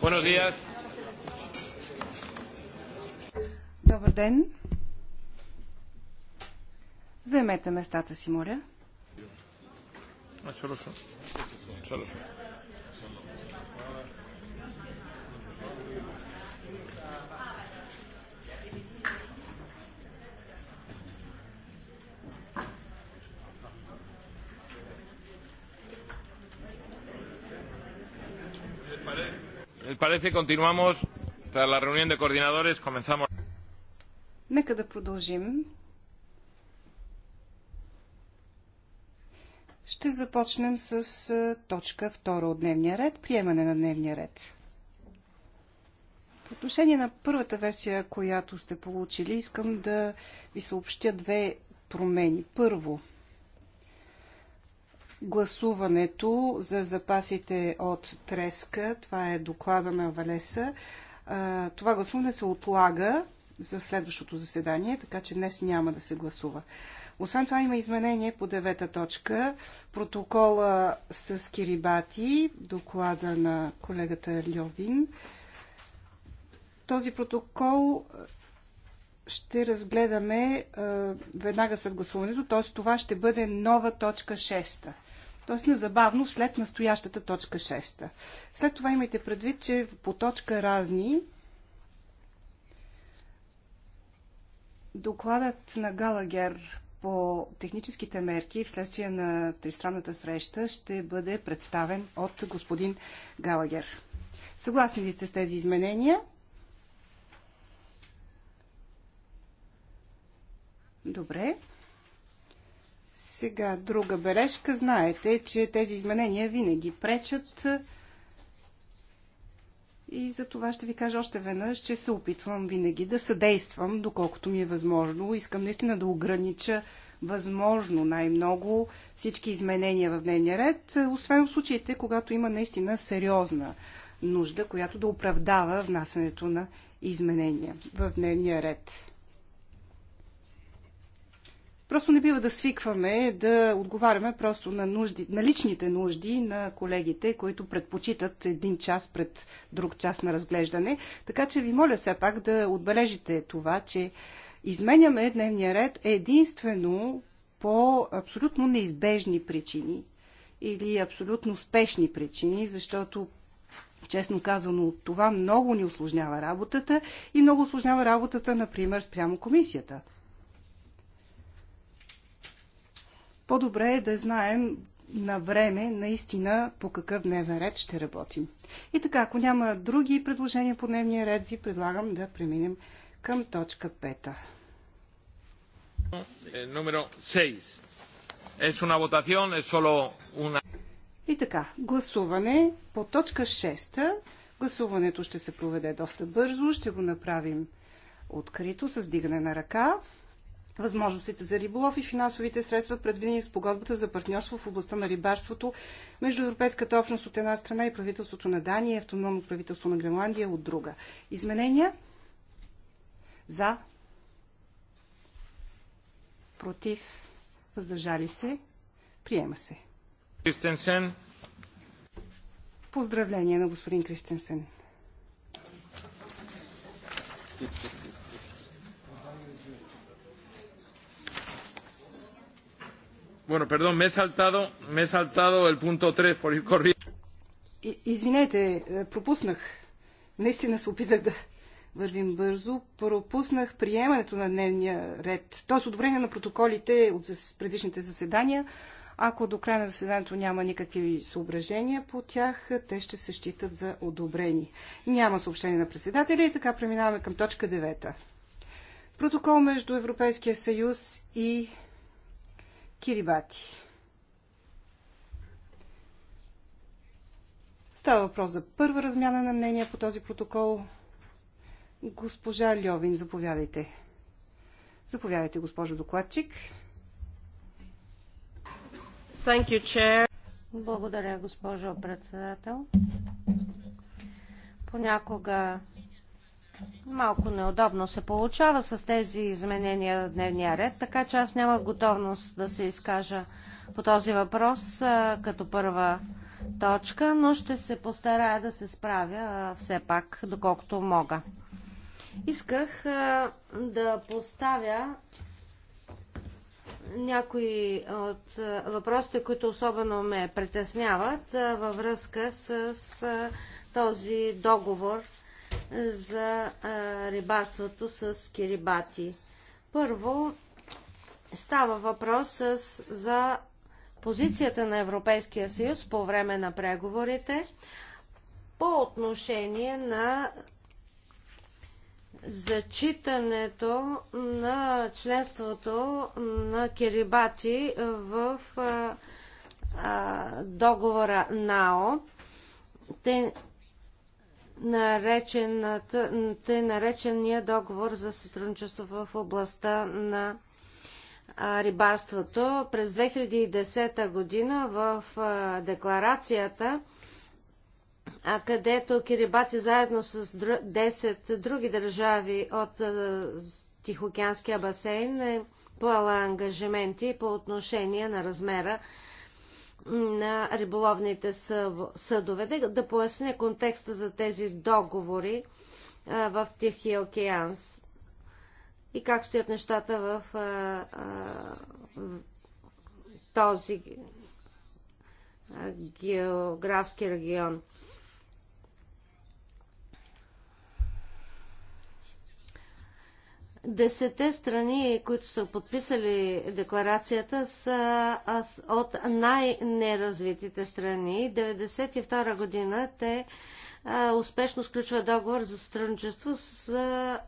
Buenos días. Добър ден. Заемете местата си, моля. Абсолютно. Абсолютно. Eh, parece continuamos tras la reunión de coordinadores comenzamos. Нека да продължим. Ще започнем с е, точка 2 от дневния ред, приемане на дневния ред. По отношение на първата версия, която сте получили, искам да ви съобщя две промени. Първо, гласуването за запасите от треска. Това е доклада на Валеса. Това гласуване се отлага за следващото заседание, така че днес няма да се гласува. Освен това има изменение по девета точка. Протокола с Кирибати, доклада на колегата Льовин. Този протокол ще разгледаме веднага след гласуването, т.е. това ще бъде нова точка 6 т.е. незабавно след настоящата точка 6. След това имайте предвид, че по точка разни докладът на Галагер по техническите мерки вследствие на тристранната среща ще бъде представен от господин Галагер. Съгласни ли сте с тези изменения? Добре. Сега, друга бележка. Знаете, че тези изменения винаги пречат и за това ще ви кажа още веднъж, че се опитвам винаги да съдействам, доколкото ми е възможно. Искам наистина да огранича възможно най-много всички изменения в дневния ред, освен в случаите, когато има наистина сериозна нужда, която да оправдава внасянето на изменения в дневния ред. Просто не бива да свикваме да отговаряме просто на, нужди, на личните нужди на колегите, които предпочитат един час пред друг час на разглеждане. Така че ви моля все пак да отбележите това, че изменяме дневния ред единствено по абсолютно неизбежни причини или абсолютно спешни причини, защото честно казано, това много ни осложнява работата и много осложнява работата, например, спрямо комисията – по-добре е да знаем на време, наистина, по какъв дневен ред ще работим. И така, ако няма други предложения по дневния ред, ви предлагам да преминем към точка 5. 6. Es una votación, es solo una... И така, гласуване по точка 6. Гласуването ще се проведе доста бързо. Ще го направим открито с дигане на ръка възможностите за риболов и финансовите средства, предвидени с погодбата за партньорство в областта на рибарството между Европейската общност от една страна и правителството на Дания и автономно правителство на Гренландия от друга. Изменения? За? Против? Въздържали се? Приема се. Кристенсен. Поздравление на господин Кристенсен. Thank Bueno, perdón, me he saltado, me he saltado el punto 3 por ir corriendo. Извинете, е, пропуснах. Наистина се опитах да вървим бързо. Пропуснах приемането на дневния ред, т.е. одобрение на протоколите от предишните заседания. Ако до края на заседанието няма никакви съображения по тях, те ще се считат за одобрени. Няма съобщение на председателя и така преминаваме към точка 9. Протокол между Европейския съюз и Кирибати. Става въпрос за първа размяна на мнения по този протокол. Госпожа Льовин, заповядайте. Заповядайте, госпожо докладчик. Thank you, chair. Благодаря, госпожо председател. Понякога Малко неудобно се получава с тези изменения на дневния ред, така че аз нямах готовност да се изкажа по този въпрос като първа точка, но ще се постарая да се справя все пак, доколкото мога. Исках да поставя някои от въпросите, които особено ме притесняват във връзка с този договор за рибарството с Кирибати. Първо, става въпрос с, за позицията на Европейския съюз по време на преговорите по отношение на зачитането на членството на Кирибати в а, а, договора НАО. Те тъй наречения договор за сътрудничество в областта на рибарството. През 2010 година в декларацията, където Кирибати заедно с 10 други държави от Тихоокеанския басейн е поела ангажименти по отношение на размера на риболовните съдове. Да поясня контекста за тези договори а, в Тихия океан и как стоят нещата в, а, а, в този географски регион. Десете страни, които са подписали декларацията, са от най-неразвитите страни. 1992 година те успешно сключва договор за сътрудничество с,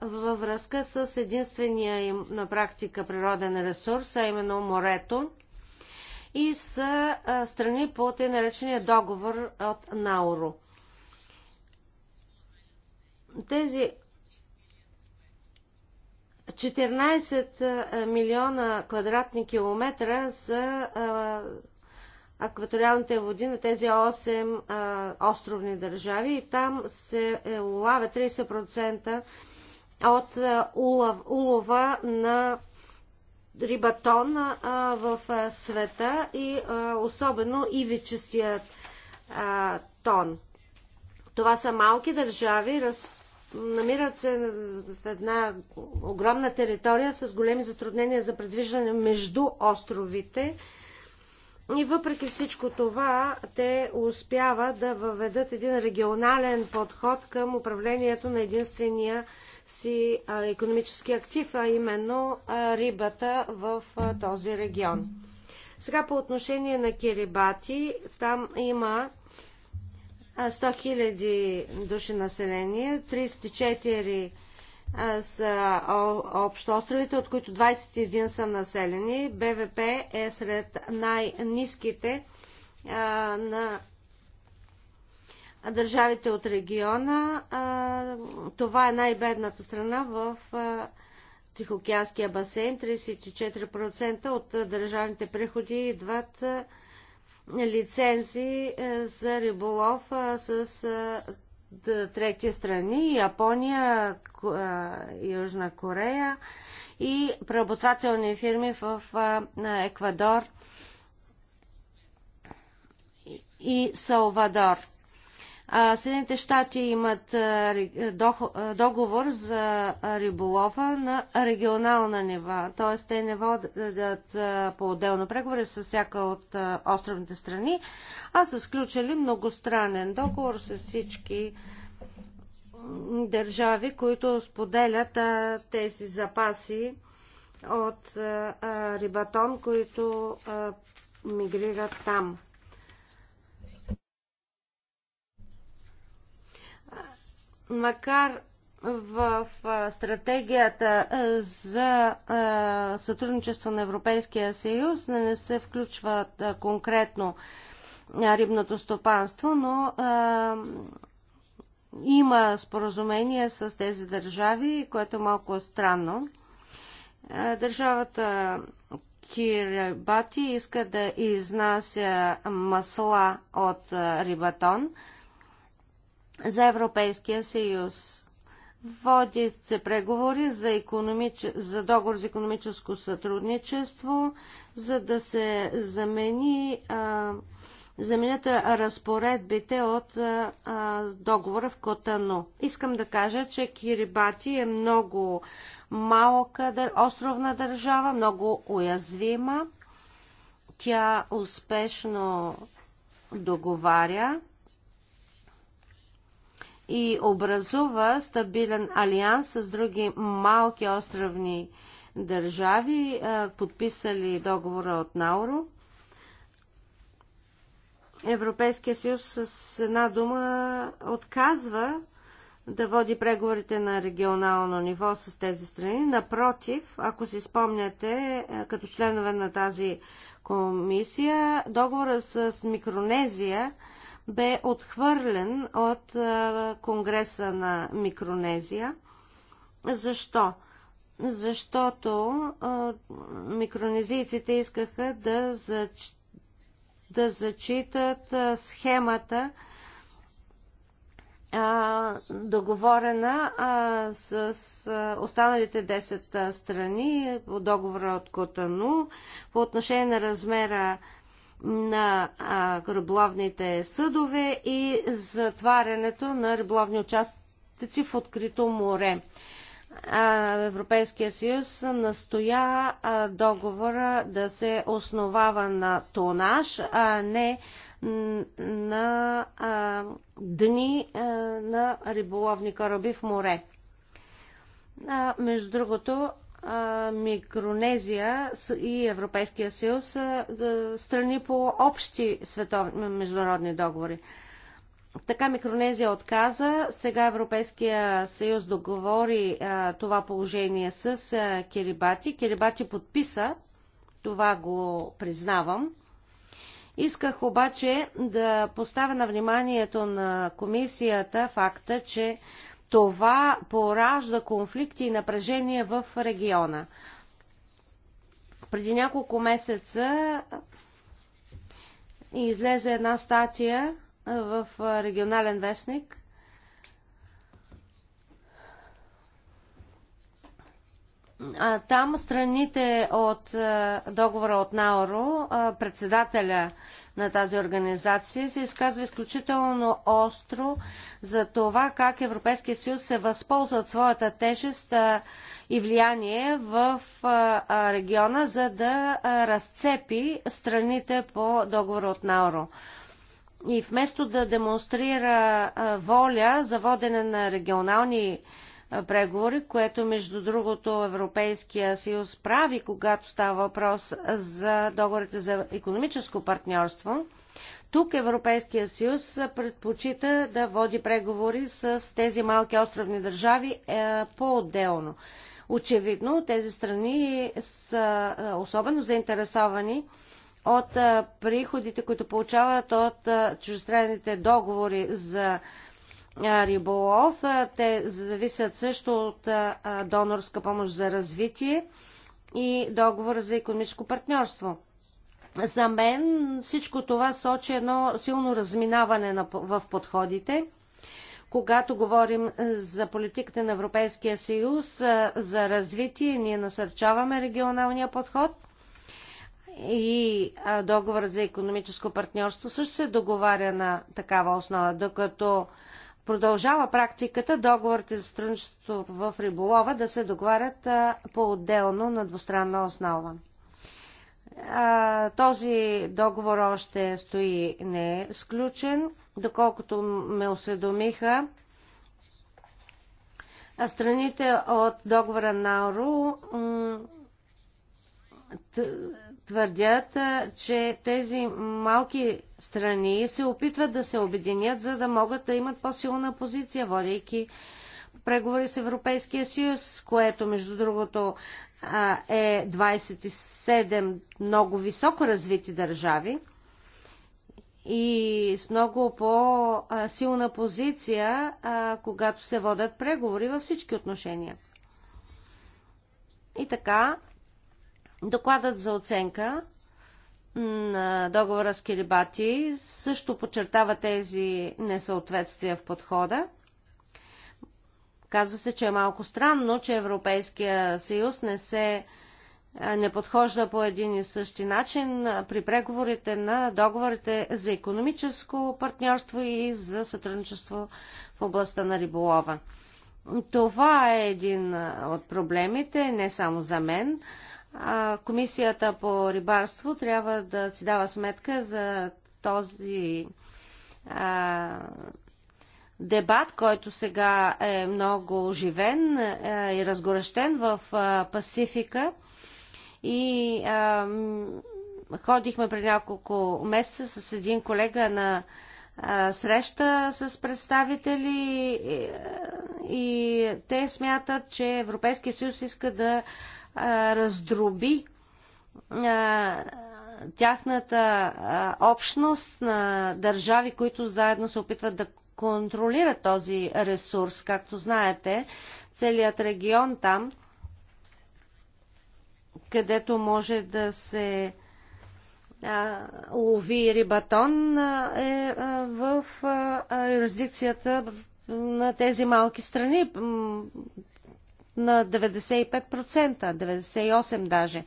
във връзка с единствения им на практика природен ресурс, а именно морето и са страни по тъй наречения договор от Науро. Тези 14 милиона квадратни километра са акваториалните води на тези 8 островни държави и там се е, улавя 30% от улов, улова на рибатон в света и особено ивичестият вечестият тон. Това са малки държави, раз, намират се в една огромна територия с големи затруднения за предвиждане между островите. И въпреки всичко това, те успяват да въведат един регионален подход към управлението на единствения си економически актив, а именно рибата в този регион. Сега по отношение на Кирибати, там има 100 000 души население, 34 са общо островите, от които 21 са населени. БВП е сред най-низките на държавите от региона. Това е най-бедната страна в Тихоокеанския басейн. 34% от държавните приходи идват лицензи е, за риболов е, с е, трети страни Япония, Южна Корея и преработвателни фирми в Еквадор и Салвадор. Съединените щати имат договор за риболова на регионална нива, т.е. те не водят по-отделно преговори с всяка от островните страни, а са сключили многостранен договор с всички държави, които споделят тези запаси от рибатон, които мигрират там. макар в стратегията за сътрудничество на Европейския съюз да не се включват конкретно рибното стопанство, но има споразумение с тези държави, което е малко странно. Държавата Кирибати иска да изнася масла от рибатон – за Европейския съюз. Води се преговори за, економич... за договор за економическо сътрудничество, за да се замени, а, заменят разпоредбите от а, договора в Котано. Искам да кажа, че Кирибати е много малка дър... островна държава, много уязвима. Тя успешно договаря и образува стабилен алианс с други малки островни държави, подписали договора от Науро. Европейския съюз с една дума отказва да води преговорите на регионално ниво с тези страни. Напротив, ако си спомняте, като членове на тази комисия, договора с Микронезия бе отхвърлен от Конгреса на Микронезия. Защо? Защото микронезийците искаха да, зач... да зачитат схемата, договорена с останалите 10 страни по договора от Котану по отношение на размера на риболовните съдове и затварянето на риболовни участъци в открито море. Европейския съюз настоя договора да се основава на тонаж, а не на дни на риболовни кораби в море. между другото, Микронезия и Европейския съюз са страни по общи световни международни договори. Така Микронезия отказа. Сега Европейския съюз договори а, това положение с а, Кирибати. Кирибати подписа, това го признавам. Исках обаче да поставя на вниманието на комисията факта, че това поражда конфликти и напрежения в региона. Преди няколко месеца излезе една статия в регионален вестник, А, там страните от договора от Науро, председателя на тази организация, се изказва изключително остро за това как Европейския съюз се възползва от своята тежест и влияние в региона, за да разцепи страните по договора от Науро. И вместо да демонстрира воля за водене на регионални преговори, което между другото Европейския съюз прави, когато става въпрос за договорите за економическо партньорство. Тук Европейския съюз предпочита да води преговори с тези малки островни държави е, по-отделно. Очевидно, тези страни са е, особено заинтересовани от е, приходите, които получават от е, чуждестранните договори за риболов. Те зависят също от донорска помощ за развитие и договор за економическо партньорство. За мен всичко това сочи едно силно разминаване в подходите. Когато говорим за политиката на Европейския съюз за развитие, ние насърчаваме регионалния подход и договорът за економическо партньорство също се договаря на такава основа, докато продължава практиката договорите за сътрудничество в риболова да се договарят по-отделно на двустранна основа. Този договор още стои не е сключен. Доколкото ме осведомиха, страните от договора на РУ твърдят, че тези малки страни се опитват да се обединят, за да могат да имат по-силна позиция, водейки преговори с Европейския съюз, което между другото е 27 много високо развити държави и с много по-силна позиция, когато се водят преговори във всички отношения. И така, Докладът за оценка на договора с Кирибати също подчертава тези несъответствия в подхода. Казва се, че е малко странно, че Европейския съюз не се не подхожда по един и същи начин при преговорите на договорите за економическо партньорство и за сътрудничество в областта на риболова. Това е един от проблемите, не само за мен комисията по рибарство трябва да си дава сметка за този а, дебат, който сега е много оживен а, и разгорещен в а, Пасифика. И а, ходихме при няколко месеца с един колега на а, среща с представители и, и те смятат, че Европейския съюз иска да а, раздроби а, тяхната а, общност на държави, които заедно се опитват да контролират този ресурс. Както знаете, целият регион там, където може да се лови рибатон е в юрисдикцията на тези малки страни на 95%, 98% даже.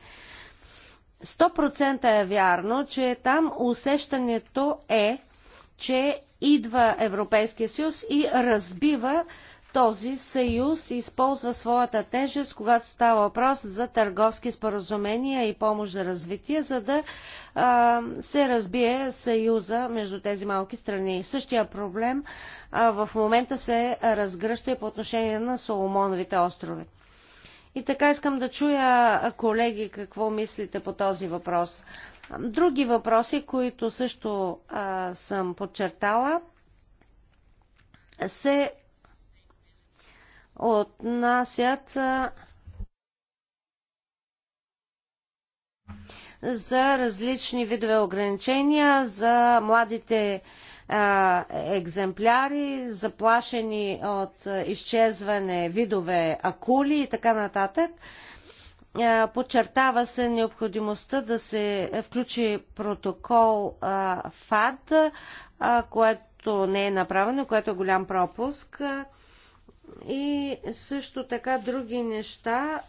100% е вярно, че там усещането е, че идва Европейския съюз и разбива този съюз използва своята тежест, когато става въпрос за търговски споразумения и помощ за развитие, за да а, се разбие съюза между тези малки страни. Същия проблем а, в момента се разгръща и по отношение на Соломоновите острови. И така искам да чуя, колеги, какво мислите по този въпрос. Други въпроси, които също а, съм подчертала, се отнасят за различни видове ограничения за младите екземпляри, заплашени от изчезване видове акули и така нататък. подчертава се необходимостта да се включи протокол ФАД, което не е направено, което е голям пропуск и също така други неща,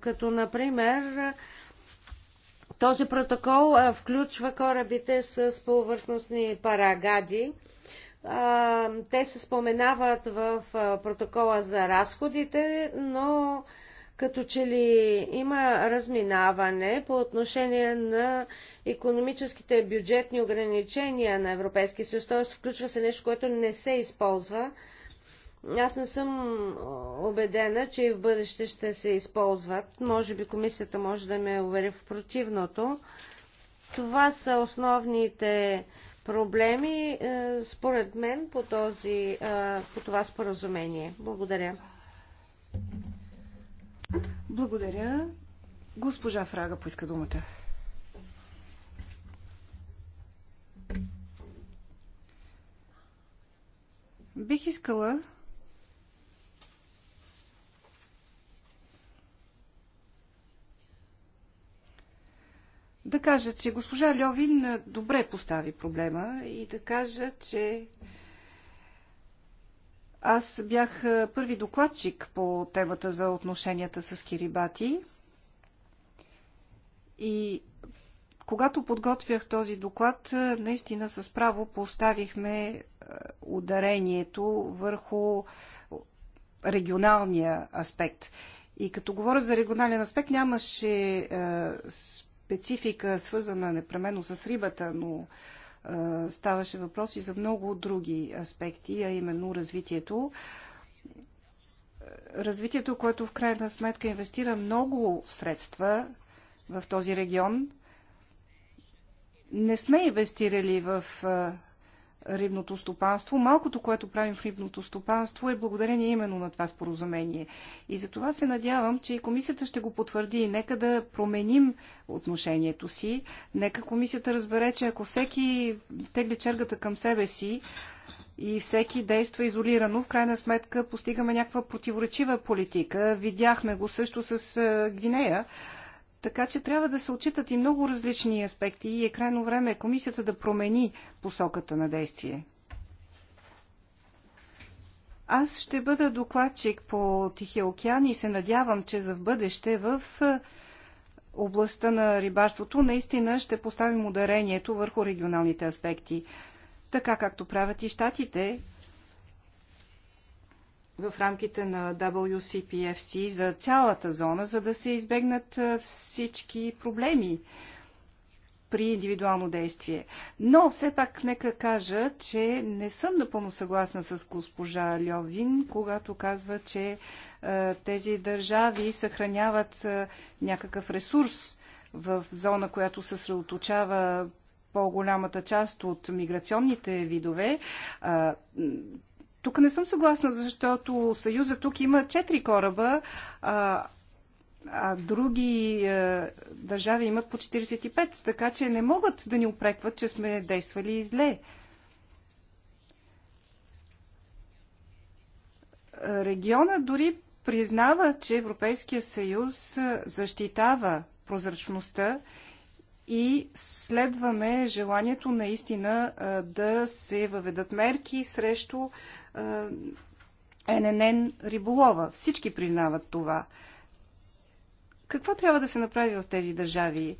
като например този протокол включва корабите с повърхностни парагади. Те се споменават в протокола за разходите, но като че ли има разминаване по отношение на економическите бюджетни ограничения на Европейския съюз, т.е. включва се нещо, което не се използва аз не съм убедена, че и в бъдеще ще се използват. Може би комисията може да ме увери в противното. Това са основните проблеми, е, според мен, по, този, е, по това споразумение. Благодаря. Благодаря. Госпожа Фрага поиска думата. Бих искала да кажа, че госпожа Льовин добре постави проблема и да кажа, че аз бях първи докладчик по темата за отношенията с Кирибати и когато подготвях този доклад, наистина с право поставихме ударението върху регионалния аспект. И като говоря за регионален аспект, нямаше специфика, свързана непременно с рибата, но а, ставаше въпрос и за много други аспекти, а именно развитието. Развитието, което в крайна сметка инвестира много средства в този регион. Не сме инвестирали в рибното стопанство. Малкото, което правим в рибното стопанство е благодарение именно на това споразумение. И за това се надявам, че и комисията ще го потвърди. Нека да променим отношението си. Нека комисията разбере, че ако всеки тегли чергата към себе си, и всеки действа изолирано. В крайна сметка постигаме някаква противоречива политика. Видяхме го също с е, Гвинея. Така че трябва да се отчитат и много различни аспекти и е крайно време комисията да промени посоката на действие. Аз ще бъда докладчик по Тихия океан и се надявам, че за в бъдеще в е, областта на рибарството наистина ще поставим ударението върху регионалните аспекти, така както правят и щатите, в рамките на WCPFC за цялата зона, за да се избегнат всички проблеми при индивидуално действие. Но все пак нека кажа, че не съм напълно съгласна с госпожа Льовин, когато казва, че е, тези държави съхраняват е, някакъв ресурс в зона, която съсредоточава по-голямата част от миграционните видове. Е, тук не съм съгласна, защото Съюза тук има четири кораба, а, а други а, е, държави имат по 45, така че не могат да ни опрекват, че сме действали зле. Региона дори признава, че Европейския съюз е, защитава прозрачността и следваме желанието наистина е, да се въведат мерки срещу ННН риболова. Всички признават това. Какво трябва да се направи в тези държави?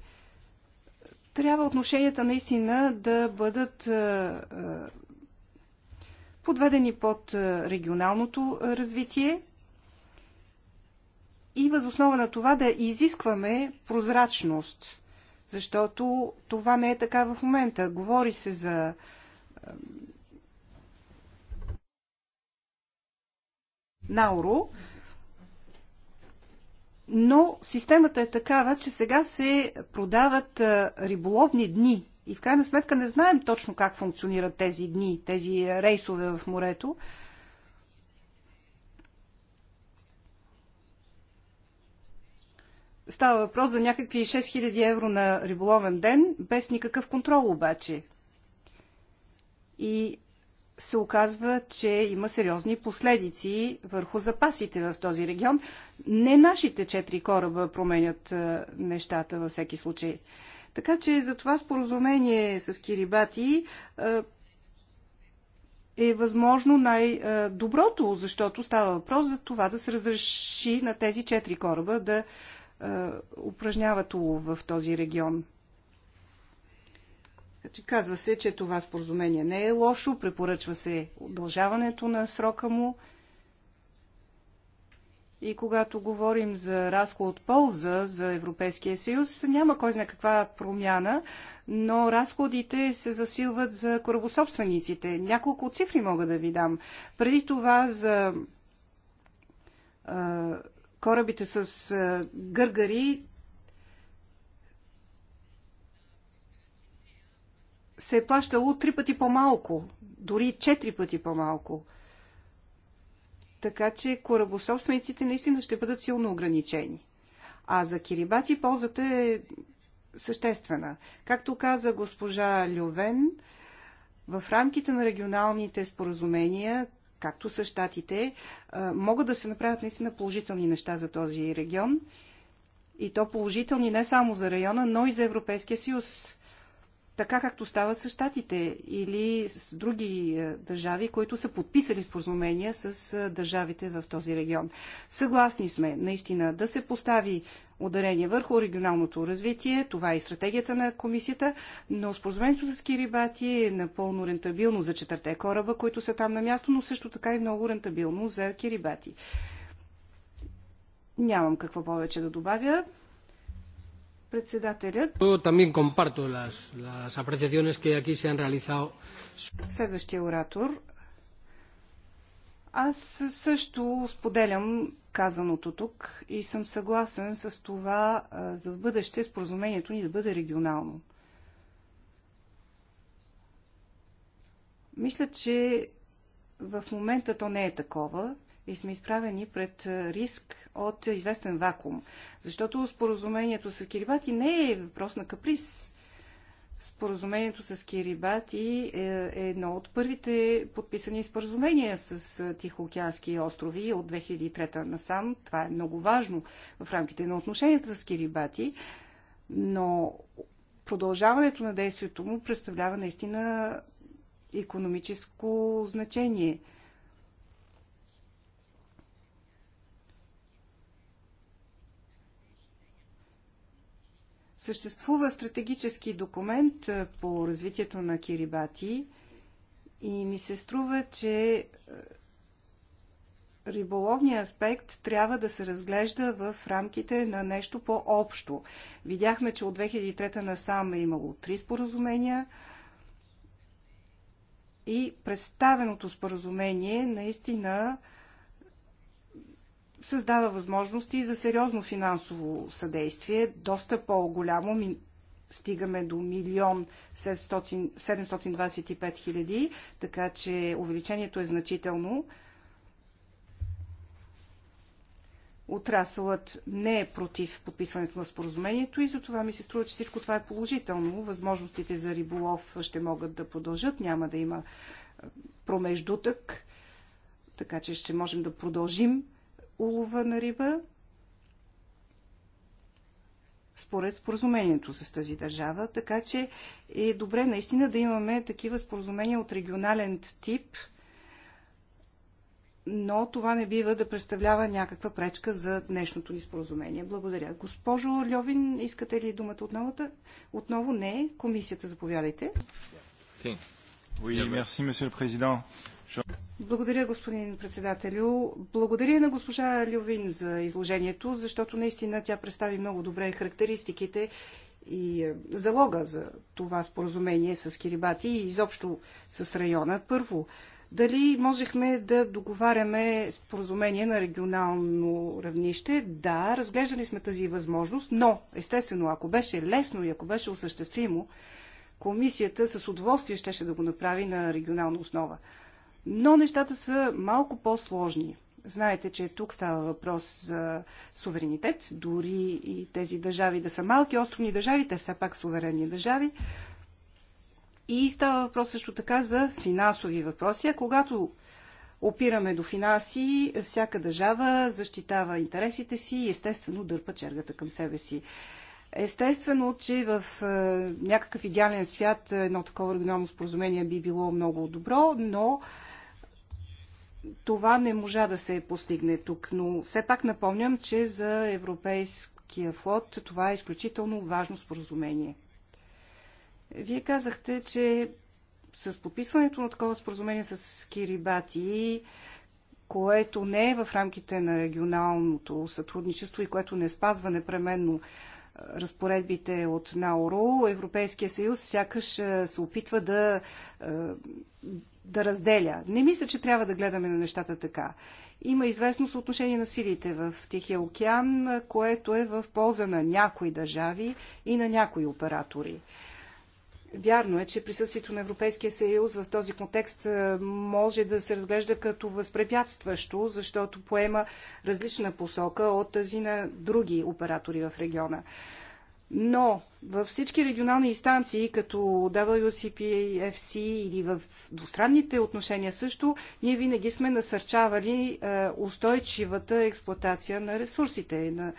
Трябва отношенията наистина да бъдат подведени под регионалното развитие и възоснова на това да изискваме прозрачност, защото това не е така в момента. Говори се за Науро. Но системата е такава, че сега се продават риболовни дни. И в крайна сметка не знаем точно как функционират тези дни, тези рейсове в морето. Става въпрос за някакви 6000 евро на риболовен ден, без никакъв контрол обаче. И се оказва, че има сериозни последици върху запасите в този регион. Не нашите четири кораба променят е, нещата във всеки случай. Така че за това споразумение с Кирибати е, е възможно най-доброто, защото става въпрос за това да се разреши на тези четири кораба да е, упражняват улов в този регион. Значи казва се, че това споразумение не е лошо, препоръчва се удължаването на срока му. И когато говорим за разход полза за Европейския съюз, няма кой знае каква промяна, но разходите се засилват за корабособствениците. Няколко цифри мога да ви дам. Преди това за а, корабите с а, гъргари се е плащало три пъти по-малко, дори четири пъти по-малко. Така че корабособствениците наистина ще бъдат силно ограничени. А за Кирибати ползата е съществена. Както каза госпожа Лювен, в рамките на регионалните споразумения, както са щатите, могат да се направят наистина положителни неща за този регион. И то положителни не само за района, но и за Европейския съюз така както става с щатите или с други е, държави, които са подписали споразумения с е, държавите в този регион. Съгласни сме наистина да се постави ударение върху регионалното развитие. Това е и стратегията на комисията, но споразумението с Кирибати е напълно рентабилно за четвърте кораба, които са там на място, но също така и много рентабилно за Кирибати. Нямам какво повече да добавя. Председателят. Следващия оратор. Аз също споделям казаното тук и съм съгласен с това за в бъдеще споразумението ни да бъде регионално. Мисля, че в момента то не е такова и сме изправени пред риск от известен вакуум. Защото споразумението с Кирибати не е въпрос на каприз. Споразумението с Кирибати е, е едно от първите подписани споразумения с Тихоокеански острови от 2003 насам. Това е много важно в рамките на отношенията с Кирибати, но продължаването на действието му представлява наистина економическо значение – Съществува стратегически документ е, по развитието на Кирибати и ми се струва, че е, риболовния аспект трябва да се разглежда в рамките на нещо по-общо. Видяхме, че от 2003 насам е имало три споразумения и представеното споразумение наистина създава възможности за сериозно финансово съдействие, доста по-голямо, стигаме до 1 725 хиляди, така че увеличението е значително. Отрасълът не е против подписването на споразумението и затова ми се струва, че всичко това е положително. Възможностите за риболов ще могат да продължат, няма да има промеждутък, така че ще можем да продължим улова на риба според споразумението с тази държава. Така че е добре наистина да имаме такива споразумения от регионален тип, но това не бива да представлява някаква пречка за днешното ни споразумение. Благодаря. Госпожо Льовин, искате ли думата отново? Отново не. Комисията, заповядайте. Oui, merci, monsieur le président. Благодаря, господин председателю. Благодаря на госпожа Лювин за изложението, защото наистина тя представи много добре характеристиките и е, залога за това споразумение с Кирибати и изобщо с района. Първо, дали можехме да договаряме споразумение на регионално равнище? Да, разглеждали сме тази възможност, но естествено, ако беше лесно и ако беше осъществимо, комисията с удоволствие щеше да го направи на регионална основа. Но нещата са малко по-сложни. Знаете, че тук става въпрос за суверенитет, дори и тези държави да са малки, островни държави, те все пак суверенни държави. И става въпрос също така за финансови въпроси. А когато опираме до финанси, всяка държава защитава интересите си и естествено дърпа чергата към себе си. Естествено, че в е, някакъв идеален свят едно такова регионално споразумение би било много добро, но това не можа да се постигне тук, но все пак напомням, че за европейския флот това е изключително важно споразумение. Вие казахте, че с подписването на такова споразумение с Кирибати, което не е в рамките на регионалното сътрудничество и което не спазва непременно разпоредбите от Науро, Европейския съюз сякаш е, се опитва да, е, да разделя. Не мисля, че трябва да гледаме на нещата така. Има известно съотношение на силите в Тихия океан, е, което е в полза на някои държави и на някои оператори. Вярно е, че присъствието на Европейския съюз в този контекст е, може да се разглежда като възпрепятстващо, защото поема различна посока от тази на други оператори в региона. Но във всички регионални инстанции, като WCP, FC или в двустранните отношения също, ние винаги сме насърчавали е, устойчивата експлоатация на ресурсите, на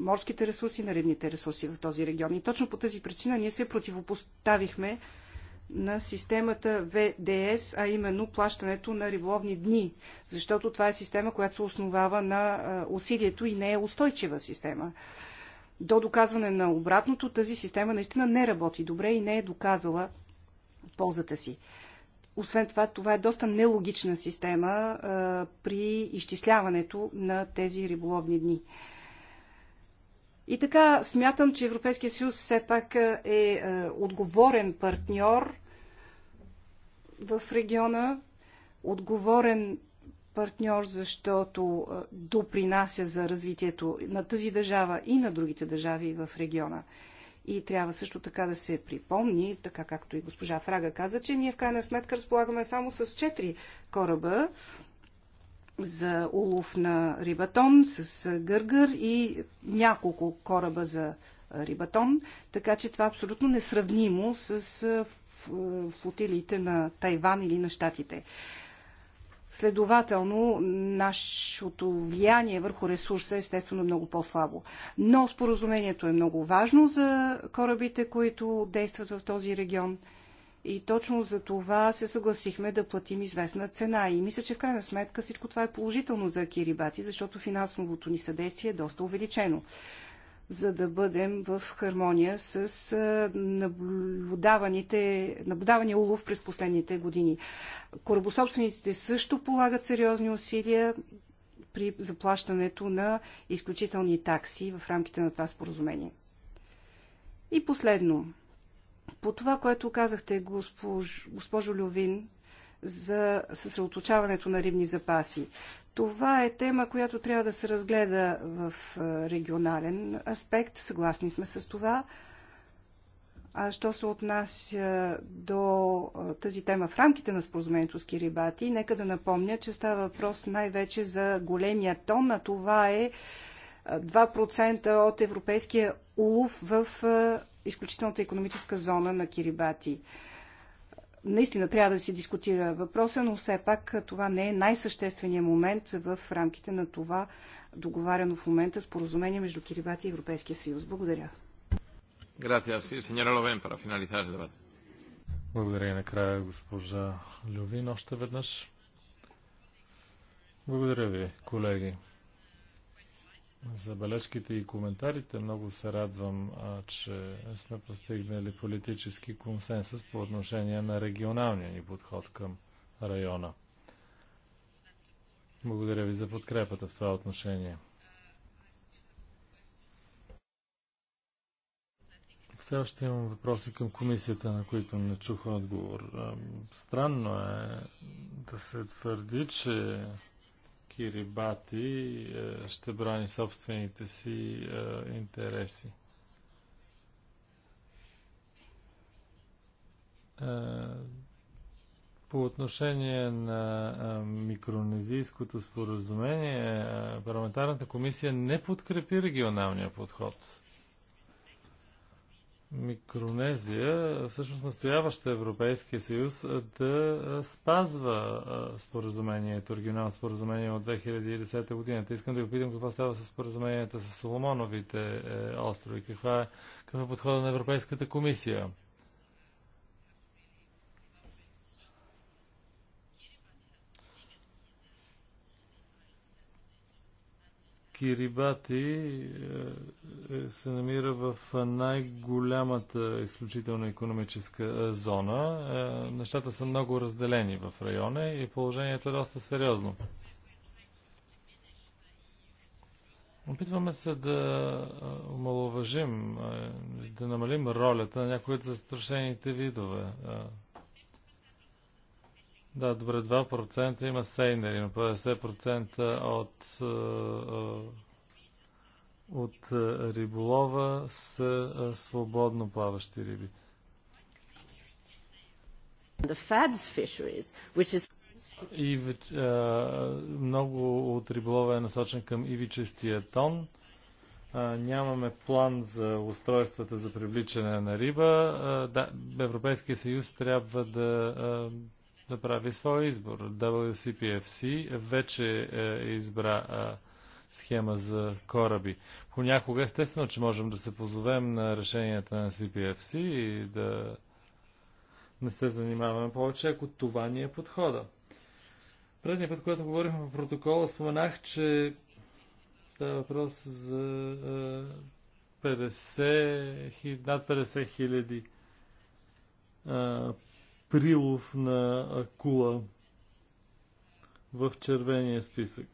морските ресурси, на рибните ресурси в този регион. И точно по тази причина ние се противопоставихме на системата ВДС, а именно плащането на риболовни дни, защото това е система, която се основава на усилието и не е устойчива система. До доказване на обратното, тази система наистина не работи добре и не е доказала ползата си. Освен това, това е доста нелогична система а, при изчисляването на тези риболовни дни. А, и така смятам, че Европейския съюз все пак е, е отговорен партньор в региона, отговорен партньор, защото е, допринася за развитието на тази държава и на другите държави в региона. И трябва също така да се припомни, така както и госпожа Фрага каза, че ние в крайна сметка разполагаме само с 4 кораба за улов на рибатон с гъргър и няколко кораба за рибатон, така че това е абсолютно несравнимо с флотилиите на Тайван или на Штатите. Следователно, нашето влияние върху ресурса е естествено много по-слабо. Но споразумението е много важно за корабите, които действат в този регион – и точно за това се съгласихме да платим известна цена. И мисля, че в крайна сметка всичко това е положително за Кирибати, защото финансовото ни съдействие е доста увеличено за да бъдем в хармония с наблюдаваните, наблюдавания улов през последните години. Корабособствениците също полагат сериозни усилия при заплащането на изключителни такси в рамките на това споразумение. И последно, по това, което казахте, госпож, госпожо Лювин, за съсредоточаването на рибни запаси. Това е тема, която трябва да се разгледа в регионален аспект. Съгласни сме с това. А що се отнася до тази тема в рамките на споразумението с Кирибати, нека да напомня, че става въпрос най-вече за големия тон, а това е 2% от европейския улов в изключителната економическа зона на Кирибати. Наистина трябва да се дискутира въпроса, но все пак това не е най-същественият момент в рамките на това договаряно в момента споразумение между Кирибати и Европейския съюз. Благодаря. Благодаря и накрая, госпожа Лювин, още веднъж. Благодаря ви, колеги забележките и коментарите. Много се радвам, а, че сме постигнали политически консенсус по отношение на регионалния ни подход към района. Благодаря ви за подкрепата в това отношение. Все още имам въпроси към комисията, на които не чух отговор. Странно е да се твърди, че Кирибати е, ще брани собствените си е, интереси. Е, по отношение на микронезийското споразумение, парламентарната комисия не подкрепи регионалния подход. Микронезия, всъщност настояваща Европейския съюз да спазва споразумението, оригинално споразумение от 2010 година. Та искам да ви питам какво става с споразуменията с Соломоновите е, острови, каква е, каква е подхода на Европейската комисия. Кирибати е, е, се намира в най-голямата изключителна економическа е, зона. Нещата са много разделени в района и положението е доста сериозно. Опитваме се да омалуважим, да намалим ролята на някои от застрашените видове да, добре, 2% има сейнери, но 50% от, е, е, от е, риболова са свободно плаващи риби. Is... И а, много от риболова е насочен към ивичестия тон. А, нямаме план за устройствата за привличане на риба. А, да, Европейския съюз трябва да да прави своя избор. WCPFC вече е, избра е, схема за кораби. Понякога, естествено, че можем да се позовем на решенията на CPFC и да не се занимаваме повече, ако това ни е подхода. Предния път, когато говорихме по протокола, споменах, че става въпрос за е, 50, над 50 хиляди прилов на акула в червения списък.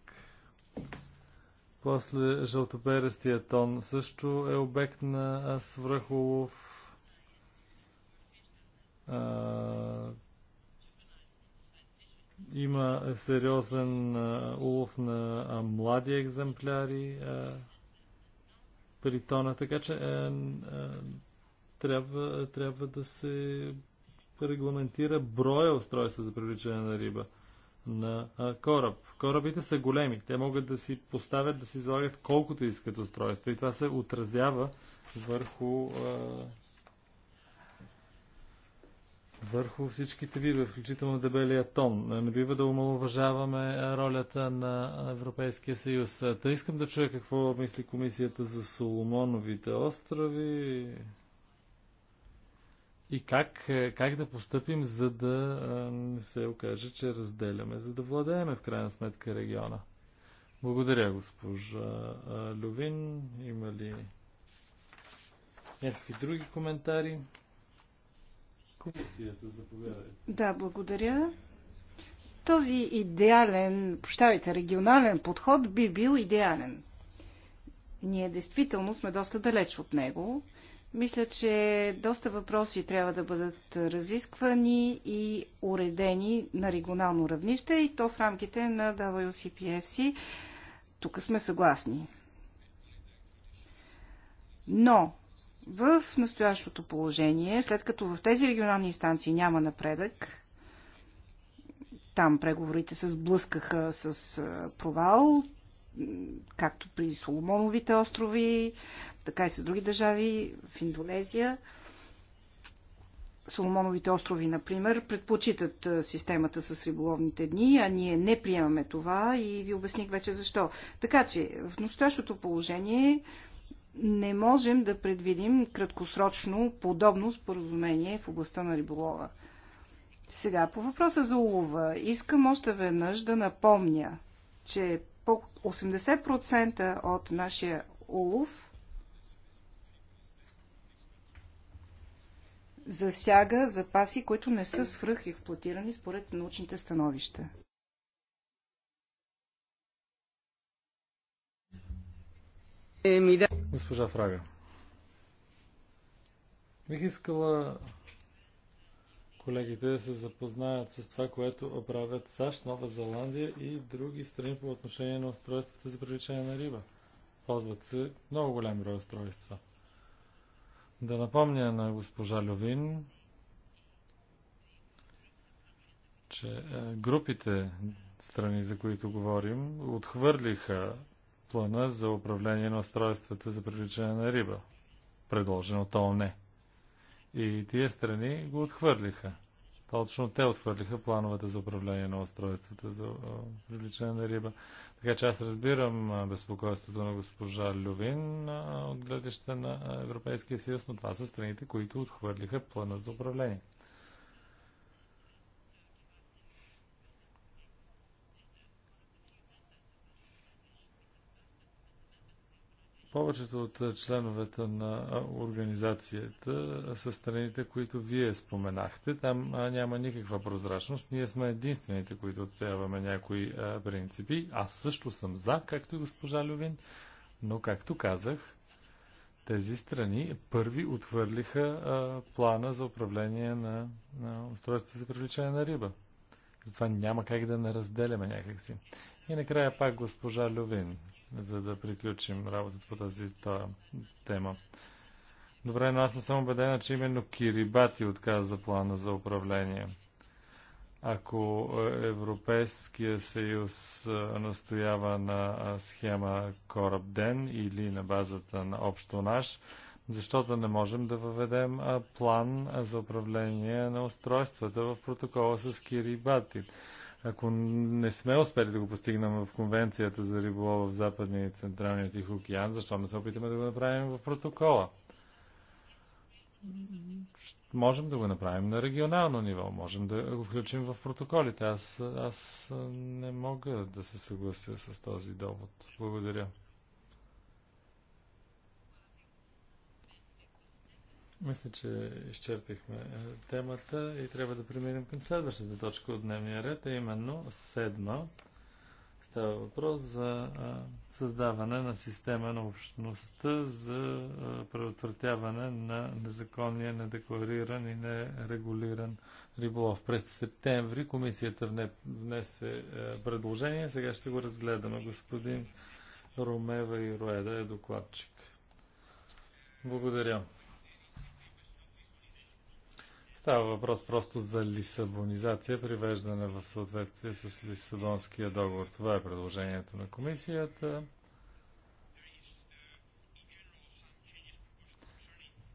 После жълтоперестия тон също е обект на свръхолов. А, има сериозен а, улов на а, млади екземпляри а, при тона, така че а, е, а, е, трябва, трябва да се регламентира броя устройства за привличане на риба на а, кораб. Корабите са големи. Те могат да си поставят, да си залагат колкото искат устройства. И това се отразява върху а, върху всичките видове, включително дебелия тон. Не бива да омалуважаваме ролята на Европейския съюз. Та искам да чуя какво мисли комисията за Соломоновите острови и как, е, как да поступим, за да е, не се окаже, че разделяме, за да владееме в крайна сметка региона. Благодаря, госпожа е, Лювин. Има ли някакви други коментари? Комисията, заповядайте. Да, благодаря. Този идеален, прощавайте, регионален подход би бил идеален. Ние действително сме доста далеч от него. Мисля, че доста въпроси трябва да бъдат разисквани и уредени на регионално равнище и то в рамките на WCPFC. Тук сме съгласни. Но в настоящото положение, след като в тези регионални инстанции няма напредък, там преговорите се сблъскаха с провал, както при Соломоновите острови, така и с други държави, в Индонезия. Соломоновите острови, например, предпочитат системата с риболовните дни, а ние не приемаме това и ви обясних вече защо. Така че в настоящото положение не можем да предвидим краткосрочно подобно споразумение в областта на риболова. Сега, по въпроса за улова, искам още веднъж да напомня, че 80% от нашия улов засяга запаси, които не са свръхексплуатирани според научните становища. Госпожа Фрага, бих искала колегите да се запознаят с това, което правят САЩ, Нова Зеландия и други страни по отношение на устройствата за привличане на риба. Ползват се много голям брой устройства да напомня на госпожа Лювин, че е, групите страни, за които говорим, отхвърлиха плана за управление на устройствата за привличане на риба, предложен от ООН. И тия страни го отхвърлиха. Точно те отхвърлиха плановете за управление на устройствата за привличане на риба. Така че аз разбирам безпокойството на госпожа Лювин от гледаща на Европейския съюз, но това са страните, които отхвърлиха плана за управление. Повечето от членовете на организацията са страните, които вие споменахте. Там няма никаква прозрачност. Ние сме единствените, които отстояваме някои принципи. Аз също съм за, както и госпожа Лювин, но както казах, тези страни първи отвърлиха плана за управление на, на устройство за привличане на риба. Затова няма как да не разделяме някакси. И накрая пак госпожа Лювин за да приключим работата по тази тема. Добре, но аз не съм убедена, че именно Кирибати отказа плана за управление. Ако е, Европейския съюз е, настоява на е, схема кораб ден или на базата на общо наш, защото не можем да въведем план за управление на устройствата в протокола с Кирибати. Ако не сме успели да го постигнем в конвенцията за риболов в Западния и Централния Тих океан, защо не се опитаме да го направим в протокола? Можем да го направим на регионално ниво, можем да го включим в протоколите. Аз, аз не мога да се съглася с този довод. Благодаря. Мисля, че изчерпихме е, темата и трябва да преминем към следващата точка от дневния ред, а именно седма. Става въпрос за е, създаване на система на общността за е, предотвратяване на незаконния, недеклариран и нерегулиран риболов. През септември комисията внесе предложение, сега ще го разгледаме. Господин Ромева и Роеда е докладчик. Благодаря. Става въпрос просто за лисабонизация, привеждане в съответствие с Лисабонския договор. Това е предложението на комисията.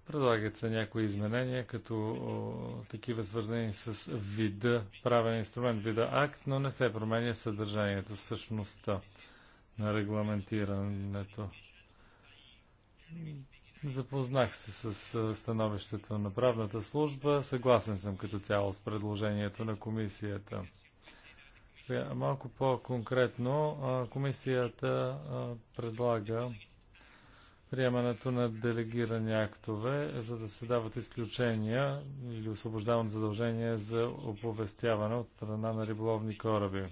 Предлагат се някои изменения, като о, такива свързани с вида, правен инструмент, вида акт, но не се променя съдържанието, същността на регламентирането Запознах се с становището на правната служба. Съгласен съм като цяло с предложението на комисията. Сега, малко по-конкретно, комисията предлага приемането на делегирани актове, за да се дават изключения или освобождават задължения за оповестяване от страна на риболовни кораби.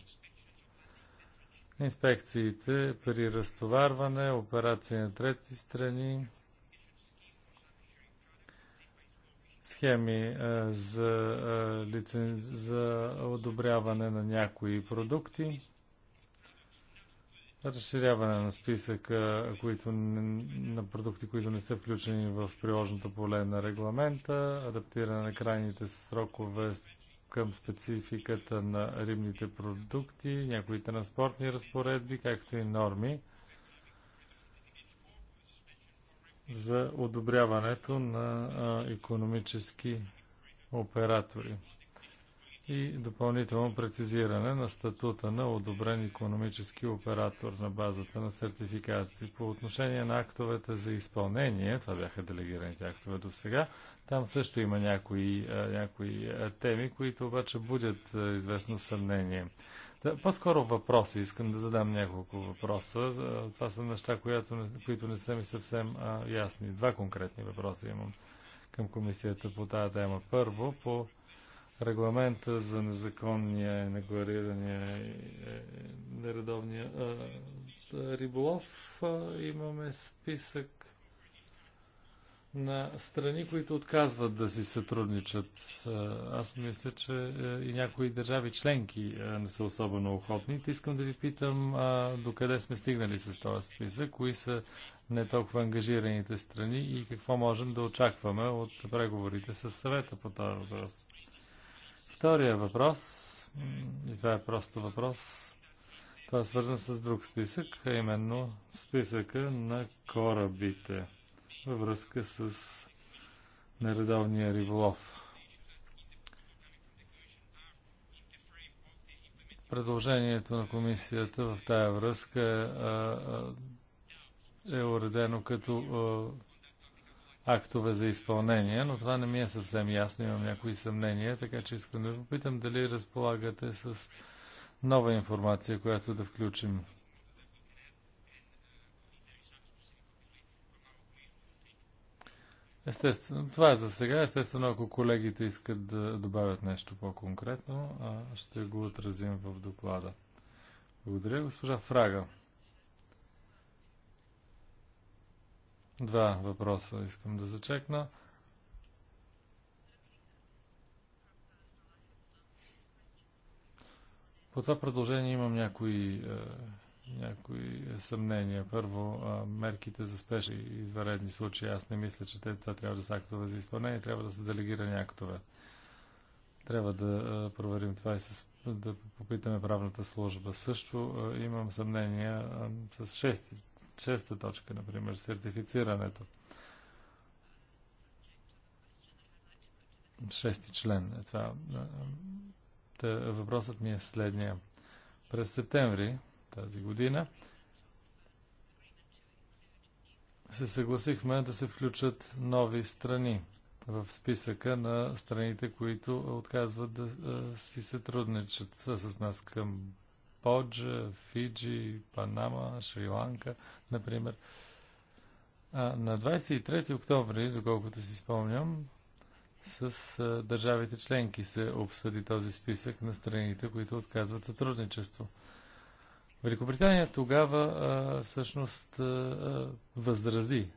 Инспекциите при разтоварване, операции на трети страни, схеми е, за, е, лиценз... за одобряване на някои продукти, разширяване на списъка които, на продукти, които не са включени в приложното поле на регламента, адаптиране на крайните срокове към спецификата на рибните продукти, някои транспортни разпоредби, както и норми – за одобряването на економически оператори и допълнително прецизиране на статута на одобрен економически оператор на базата на сертификации. По отношение на актовете за изпълнение, това бяха делегираните актове до сега, там също има някои, някои теми, които обаче будят известно съмнение. Да, по-скоро въпроси. Искам да задам няколко въпроса. Това са неща, не, които не са ми съвсем а, ясни. Два конкретни въпроса имам към комисията по тази тема. Първо, по регламента за незаконния и негларирания и е, е, нередовния а, риболов а, имаме списък на страни, които отказват да си сътрудничат. Аз мисля, че и някои държави членки не са особено охотни. Искам да ви питам до къде сме стигнали с този списък, кои са не толкова ангажираните страни и какво можем да очакваме от преговорите с съвета по този въпрос. Втория въпрос, и това е просто въпрос, това е свързан с друг списък, а именно списъка на корабите във връзка с нередовния риболов. Предложението на комисията в тая връзка е, е, уредено като е, актове за изпълнение, но това не ми е съвсем ясно, имам някои съмнения, така че искам да попитам дали разполагате с нова информация, която да включим Естествено, това е за сега. Естествено, ако колегите искат да добавят нещо по-конкретно, ще го отразим в доклада. Благодаря, госпожа Фрага. Два въпроса искам да зачекна. По това предложение имам някои е, някои съмнения. Първо, мерките за спешни и изваредни случаи. Аз не мисля, че те, това трябва да са актове за изпълнение, трябва да са делегирани актове. Трябва да проверим това и с, да попитаме правната служба. Също имам съмнения с шести, шеста точка, например, сертифицирането. Шести член е това. въпросът ми е следния. През септември тази година, се съгласихме да се включат нови страни в списъка на страните, които отказват да си сътрудничат с нас към Боджа, Фиджи, Панама, Шри-Ланка, например. А, на 23 октомври, доколкото си спомням, с държавите членки се обсъди този списък на страните, които отказват сътрудничество. Великобритания тогава а, всъщност а, възрази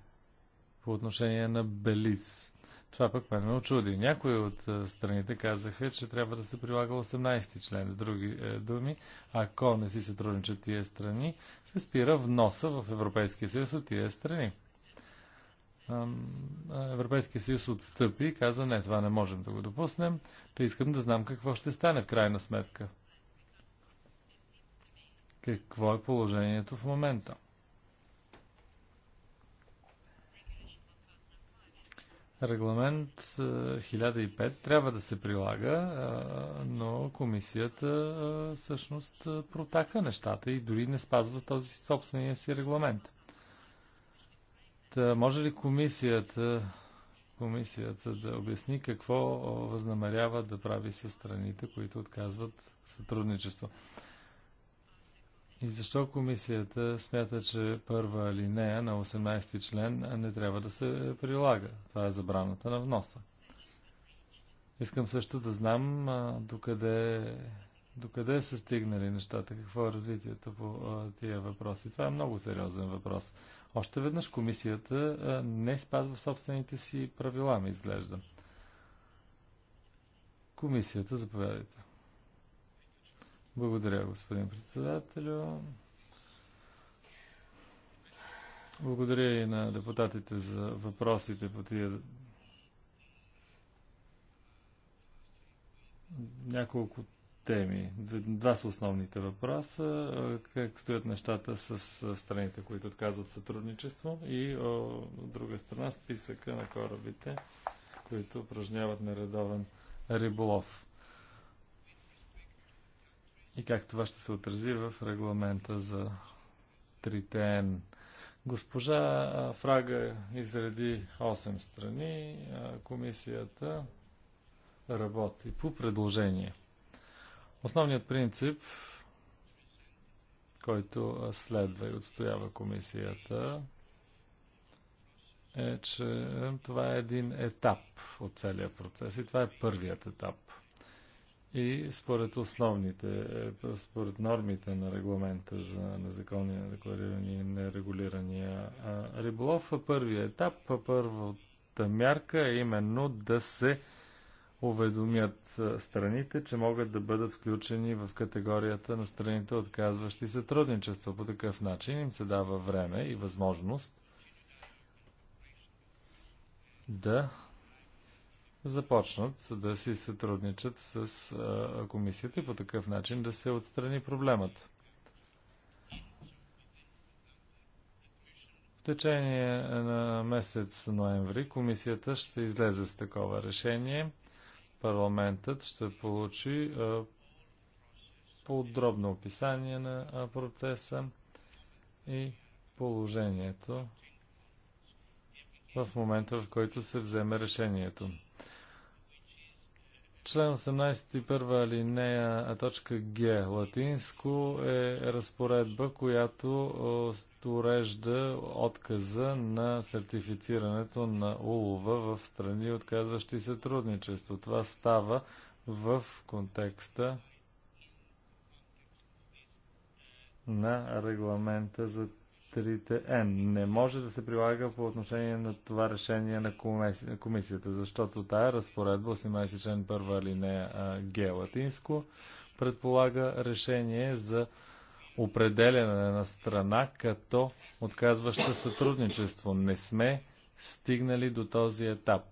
по отношение на Белиз. Това пък мен ме очуди. Някои от а, страните казаха, че трябва да се прилага 18-ти член. С други е, думи, ако не си сътрудничат тия страни, се спира вноса в Европейския съюз от тия страни. Европейския съюз отстъпи и каза, не, това не можем да го допуснем. Та искам да знам какво ще стане в крайна сметка какво е положението в момента. Регламент 1005 е, трябва да се прилага, е, но комисията е, всъщност протака нещата и дори не спазва този собствения си регламент. Та може ли комисията, комисията да обясни какво възнамерява да прави с страните, които отказват сътрудничество? И защо комисията смята, че първа линея на 18 ти член не трябва да се прилага? Това е забраната на вноса. Искам също да знам а, докъде, докъде са стигнали нещата, какво е развитието по а, тия въпроси. Това е много сериозен въпрос. Още веднъж комисията а, не спазва собствените си правила, ми изглежда. Комисията, заповядайте. Благодаря, господин председателю. Благодаря и на депутатите за въпросите по тия няколко теми. Два са основните въпроса. Как стоят нещата с страните, които отказват сътрудничество и от друга страна списъка на корабите, които упражняват нередовен риболов и как това ще се отрази в регламента за 3ТН. Госпожа Фрага изреди 8 страни. Комисията работи по предложение. Основният принцип, който следва и отстоява комисията, е, че това е един етап от целия процес и това е първият етап – и според основните, е, според нормите на регламента за незаконния декларирани и нерегулирания риболов, първият етап, първата мярка е именно да се уведомят страните, че могат да бъдат включени в категорията на страните, отказващи сътрудничество. По такъв начин им се дава време и възможност да започнат да си сътрудничат с а, комисията и по такъв начин да се отстрани проблемът. В течение на месец ноември комисията ще излезе с такова решение. Парламентът ще получи а, подробно описание на а, процеса и положението в момента, в който се вземе решението. Член 18 алинея, точка Г, латинско, е разпоредба, която урежда отказа на сертифицирането на улова в страни, отказващи сътрудничество. Това става в контекста на регламента за 3М не може да се прилага по отношение на това решение на комисията, защото тая разпоредба, 18 член 1 алинея Г латинско, предполага решение за определяне на страна като отказваща сътрудничество. Не сме стигнали до този етап.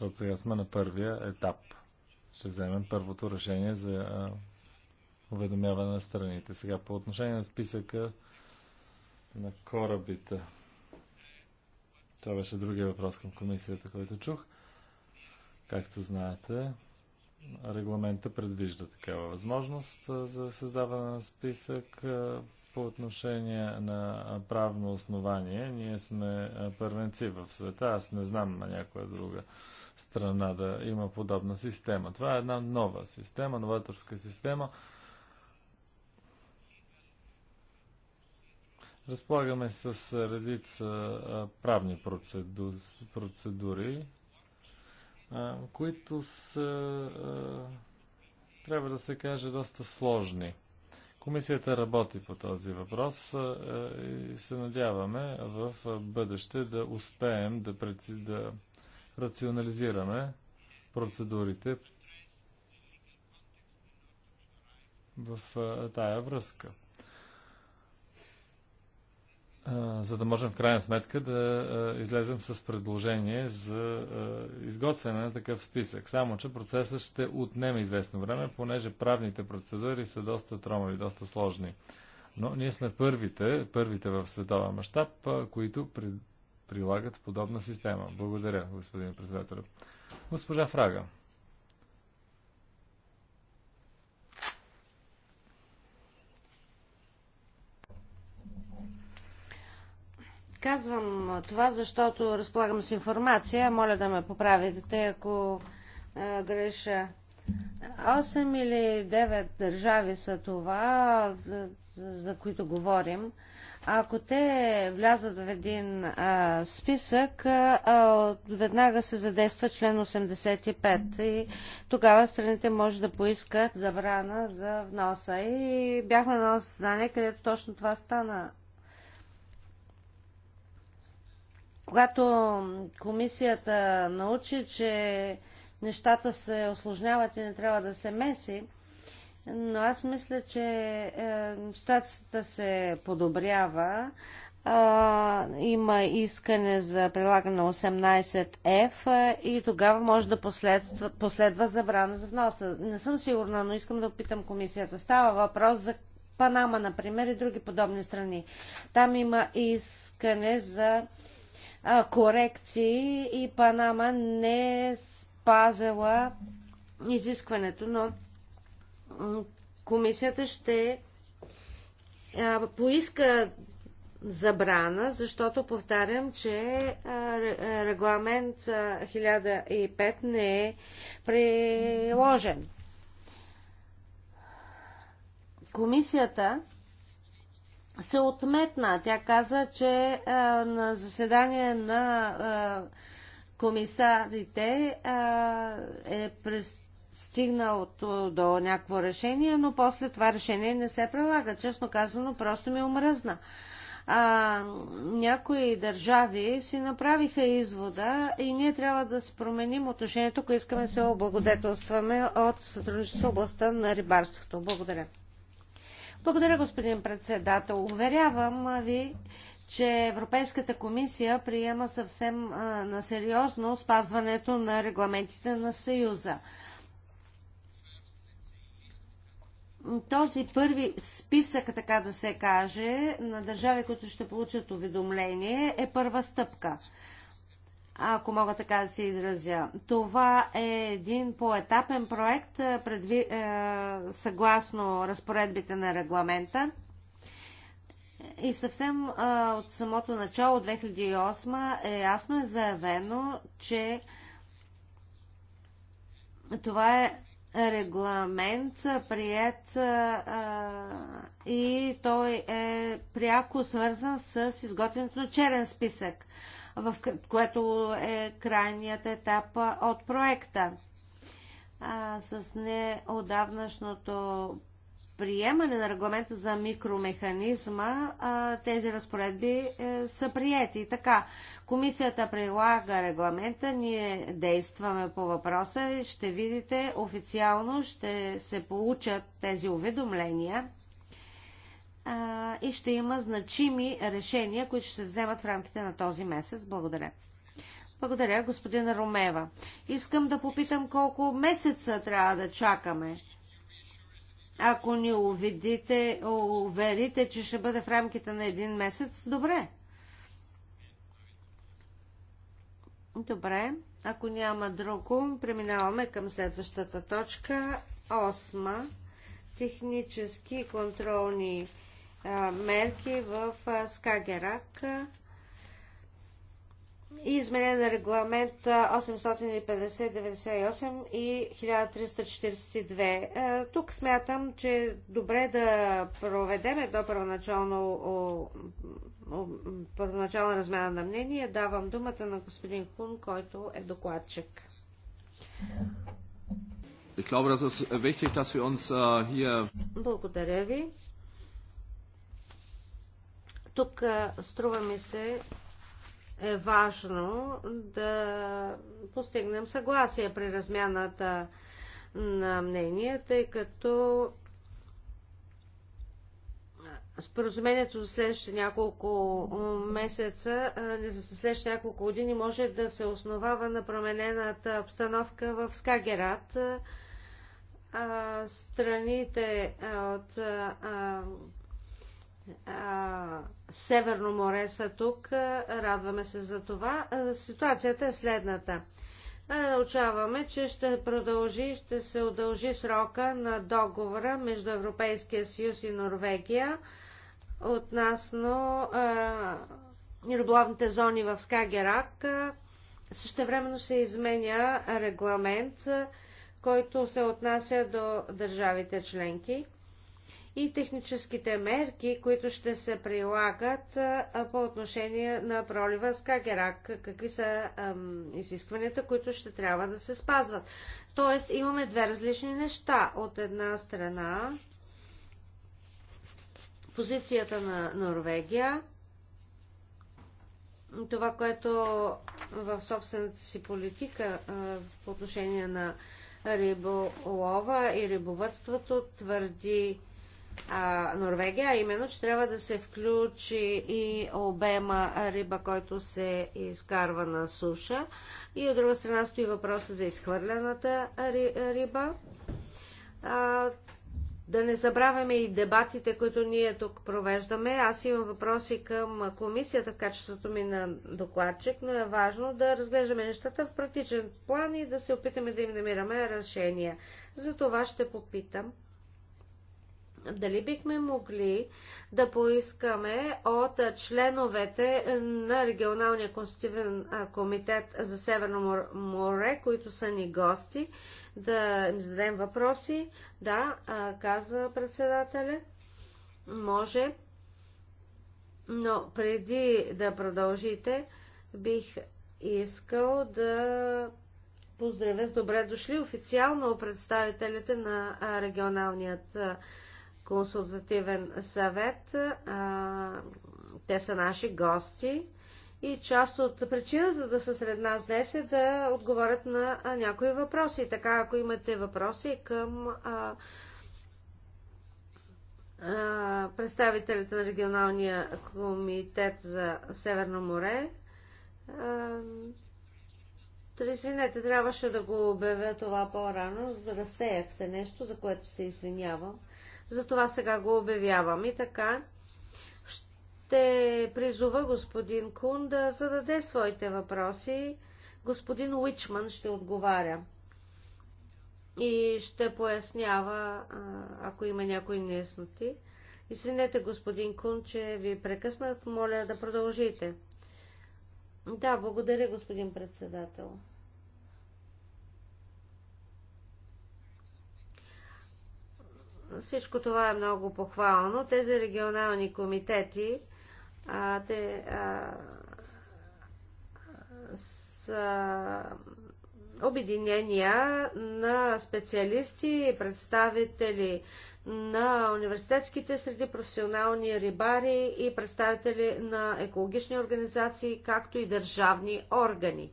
Защото значи сега сме на първия етап. Ще вземем първото решение за уведомяване на страните. Сега по отношение на списъка на корабите. Това беше другия въпрос към комисията, който чух. Както знаете, регламента предвижда такава възможност за създаване на списък. По отношение на правно основание, ние сме първенци в света. Аз не знам на някоя друга страна да има подобна система. Това е една нова система, новаторска система. Разполагаме с редица правни процедури, които са, трябва да се каже, доста сложни. Комисията работи по този въпрос е, и се надяваме в бъдеще да успеем да, преци... да рационализираме процедурите в тая връзка за да можем в крайна сметка да излезем с предложение за изготвяне на такъв списък. Само, че процесът ще отнеме известно време, понеже правните процедури са доста тромави, доста сложни. Но ние сме първите, първите в светова мащаб, които при, прилагат подобна система. Благодаря, господин председател. Госпожа Фрага. Казвам това, защото разполагам с информация. Моля да ме поправите, ако а, греша. 8 или 9 държави са това, за които говорим. Ако те влязат в един а, списък, а, веднага се задейства член 85 и тогава страните може да поискат забрана за вноса. И бяхме на едно съзнание, където точно това стана Когато комисията научи, че нещата се осложняват и не трябва да се меси, но аз мисля, че е, ситуацията се подобрява. А, има искане за прилагане на 18F е, и тогава може да последва, последва забрана за вноса. Не съм сигурна, но искам да опитам комисията. Става въпрос за Панама, например, и други подобни страни. Там има искане за а, корекции и Панама не е спазила изискването, но комисията ще а, поиска забрана, защото повтарям, че регламент 1005 не е приложен. Комисията се отметна. Тя каза, че а, на заседание на а, комисарите а, е стигнал до някакво решение, но после това решение не се прилага. Честно казано, просто ми омръзна. А, някои държави си направиха извода и ние трябва да се променим отношението, ако искаме да се облагодетелстваме от сътрудничество областта на рибарството. Благодаря. Благодаря, господин председател. Уверявам ви, че Европейската комисия приема съвсем на сериозно спазването на регламентите на Съюза. Този първи списък, така да се каже, на държави, които ще получат уведомление, е първа стъпка – ако мога така да се изразя. Това е един поетапен проект, предви, е, съгласно разпоредбите на регламента. И съвсем е, от самото начало, 2008, е ясно е заявено, че това е регламент прият е, и той е пряко свързан с изготвянето на черен списък в което е крайният етап от проекта. А, с неодавнашното приемане на регламента за микромеханизма а, тези разпоредби е, са приети. Така, комисията прилага регламента, ние действаме по въпроса, ще видите официално, ще се получат тези уведомления а, и ще има значими решения, които ще се вземат в рамките на този месец. Благодаря. Благодаря, господин Ромева. Искам да попитам колко месеца трябва да чакаме. Ако ни увидите, уверите, че ще бъде в рамките на един месец, добре. Добре. Ако няма друго, преминаваме към следващата точка. Осма. Технически контролни мерки в Скагерак и изменение на регламент 850-98 и 1342. Тук смятам, че е добре да проведем едно първоначално първоначална размяна на мнение. Давам думата на господин Хун, който е докладчик. Благодаря ви. Тук струва ми се е важно да постигнем съгласие при размяната на мнение, тъй като споразумението за следващите няколко месеца, за следващите няколко години може да се основава на променената обстановка в Скагерат. Страните от Северно море са тук. Радваме се за това. Ситуацията е следната. Научаваме, че ще продължи, ще се удължи срока на договора между Европейския съюз и Норвегия относно риболовните зони в Скагерак. времено се изменя регламент, който се отнася до държавите членки и техническите мерки, които ще се прилагат по отношение на пролива с Кагерак. Какви са изискванията, които ще трябва да се спазват. Тоест имаме две различни неща. От една страна позицията на Норвегия, това, което в собствената си политика по отношение на риболова и рибовътството твърди а, Норвегия, а именно, че трябва да се включи и обема риба, който се изкарва на суша. И от друга страна стои въпроса за изхвърляната риба. А, да не забравяме и дебатите, които ние тук провеждаме. Аз имам въпроси към комисията в качеството ми на докладчик, но е важно да разглеждаме нещата в практичен план и да се опитаме да им намираме решения. За това ще попитам дали бихме могли да поискаме от членовете на Регионалния конститутивен комитет за Северно море, които са ни гости, да им зададем въпроси. Да, казва председателя, може, но преди да продължите, бих искал да поздравя с добре дошли официално представителите на регионалният комитет консултативен съвет. Те са наши гости и част от причината да са сред нас днес е да отговорят на някои въпроси. Така, ако имате въпроси към а, а, представителите на регионалния комитет за Северно море, а, извинете, трябваше да го обявя това по-рано, да се нещо, за което се извинявам. Затова сега го обявявам. И така, ще призова господин Кун да зададе своите въпроси. Господин Уичман ще отговаря и ще пояснява, ако има някои неясноти. Извинете, господин Кун, че ви прекъснах. Моля да продължите. Да, благодаря, господин председател. Всичко това е много похвално. Тези регионални комитети а, те, а, са обединения на специалисти и представители на университетските среди, професионални рибари и представители на екологични организации, както и държавни органи.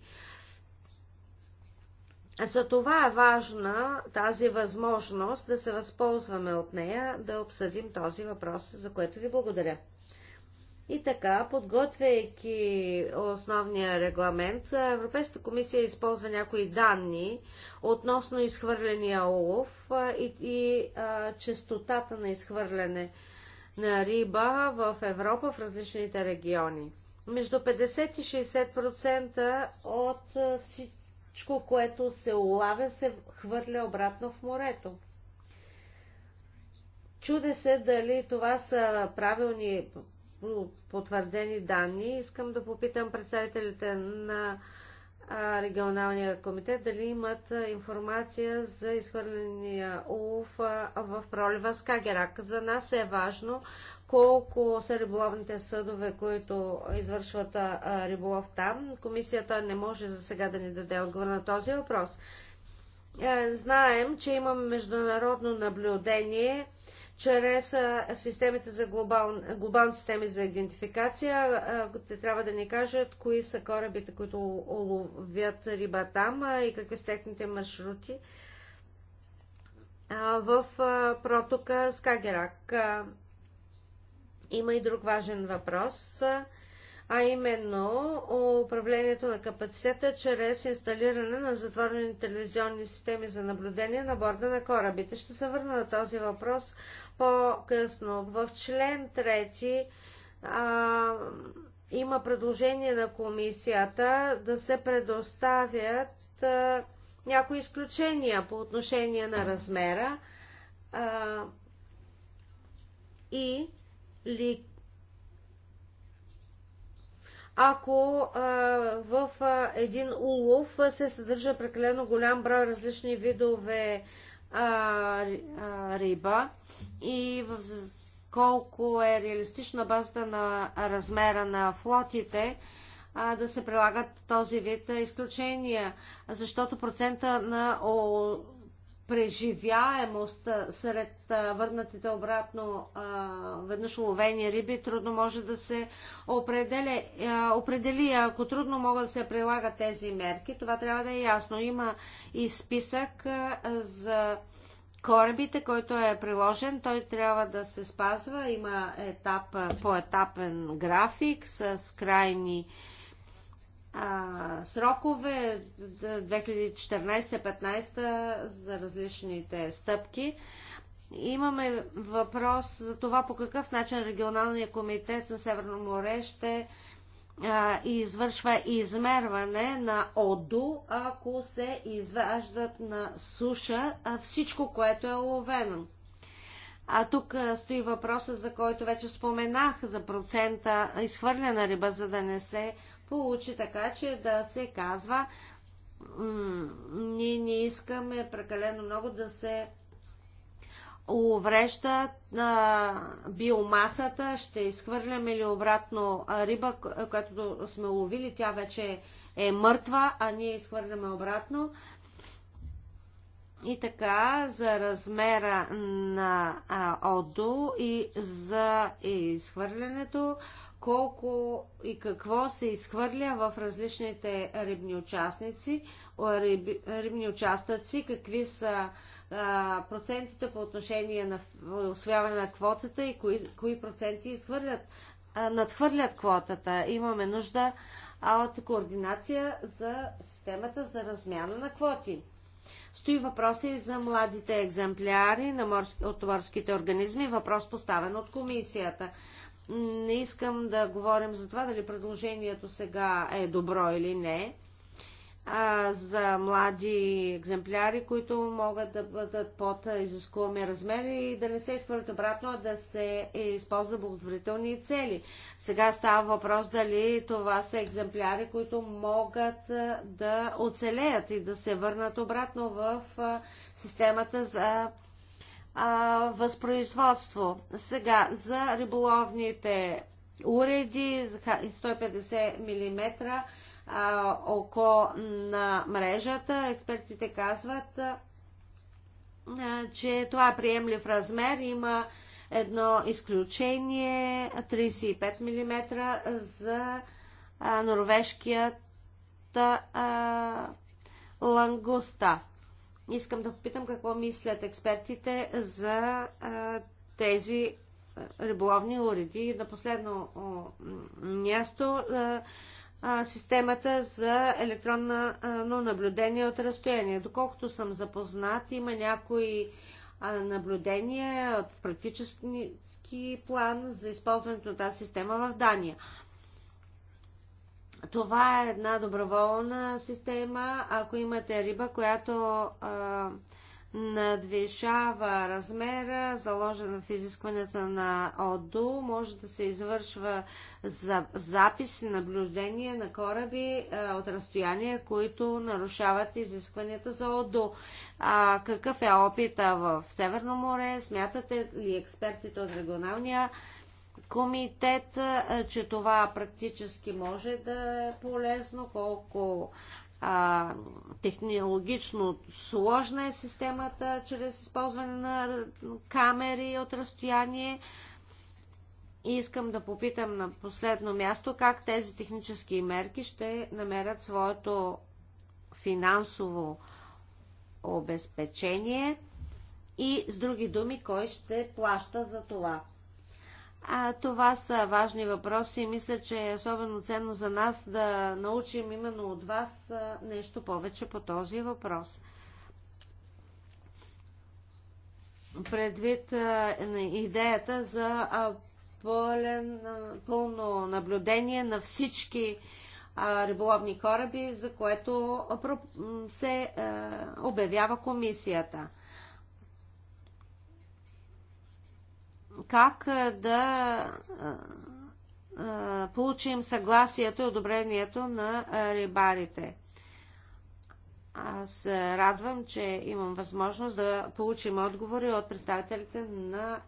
За това е важна тази възможност да се възползваме от нея, да обсъдим този въпрос, за което ви благодаря. И така, подготвяйки основния регламент, Европейската комисия използва някои данни относно изхвърления олов и, и а, частотата на изхвърляне на риба в Европа в различните региони. Между 50 и 60% от всички всичко, което се улавя, се хвърля обратно в морето. Чуде се дали това са правилни потвърдени данни. Искам да попитам представителите на регионалния комитет дали имат информация за изхвърления улов в пролива Скагерак. За нас е важно колко са риболовните съдове, които извършват а, риболов там. Комисията не може за сега да ни даде отговор на този въпрос. Е, знаем, че имаме международно наблюдение чрез а, системите за глобал, глобални системи за идентификация. Е, те трябва да ни кажат кои са корабите, които ловят риба там а, и какви са техните маршрути в протока Скагерак. Е, има и друг важен въпрос, а именно управлението на капацитета чрез инсталиране на затворени телевизионни системи за наблюдение на борда на корабите. Ще се върна на този въпрос по-късно. В член 3 а, има предложение на комисията да се предоставят а, някои изключения по отношение на размера а, и ли ако а, в а, един улов се съдържа прекалено голям брой различни видове а, риба и в колко е реалистична базата на размера на флотите, а, да се прилагат този вид изключения, защото процента на преживяемост сред върнатите обратно веднъж ловени риби трудно може да се определя, определи. Ако трудно могат да се прилагат тези мерки, това трябва да е ясно. Има и списък за корабите, който е приложен. Той трябва да се спазва. Има етап, по-етапен график с крайни а, срокове 2014-15 за различните стъпки. Имаме въпрос за това по какъв начин регионалният комитет на Северно море ще а, извършва измерване на ОДУ, ако се изваждат на суша всичко, което е ловено. А тук стои въпроса, за който вече споменах, за процента изхвърлена риба, за да не се получи така, че да се казва ние не искаме прекалено много да се уврежда а, биомасата, ще изхвърляме или обратно риба, която сме ловили, тя вече е мъртва, а ние изхвърляме обратно. И така, за размера на а, ОДО и за изхвърлянето, колко и какво се изхвърля в различните рибни участници, риб, рибни участъци, какви са а, процентите по отношение на освояване на квотата и кои, кои проценти изхвърлят, а, надхвърлят квотата. Имаме нужда от координация за системата за размяна на квоти. Стои въпроси за младите екземпляри на морски, от морските организми, въпрос поставен от комисията. Не искам да говорим за това дали предложението сега е добро или не. А, за млади екземпляри, които могат да бъдат под изискуваме размери и да не се изхвърлят обратно, а да се използва благотворителни цели. Сега става въпрос дали това са екземпляри, които могат да оцелеят и да се върнат обратно в системата за а, възпроизводство. Сега за риболовните уреди 150 мм а, око на мрежата. Експертите казват, а, че това е приемлив размер. Има едно изключение 35 мм за а, норвежкият а, лангуста. Искам да попитам какво мислят експертите за а, тези риболовни уреди. на последно място а, а, системата за електронно наблюдение от разстояние. Доколкото съм запознат, има някои наблюдения в практически план за използването на тази система в Дания. Това е една доброволна система. Ако имате риба, която а, надвишава размера, заложен в изискванията на ОДУ, може да се извършва за, запис и наблюдение на кораби а, от разстояния, които нарушават изискванията за ОДУ. А, какъв е опита в Северно море? Смятате ли експертите от регионалния комитет, че това практически може да е полезно, колко а, технологично сложна е системата чрез използване на камери от разстояние. И искам да попитам на последно място как тези технически мерки ще намерят своето финансово обезпечение и с други думи кой ще плаща за това. А, това са важни въпроси и мисля, че е особено ценно за нас да научим именно от вас нещо повече по този въпрос. Предвид а, идеята за а, пълен, пълно наблюдение на всички риболовни кораби, за което се обявява комисията. как да получим съгласието и одобрението на рибарите. Аз радвам, че имам възможност да получим отговори от представителите на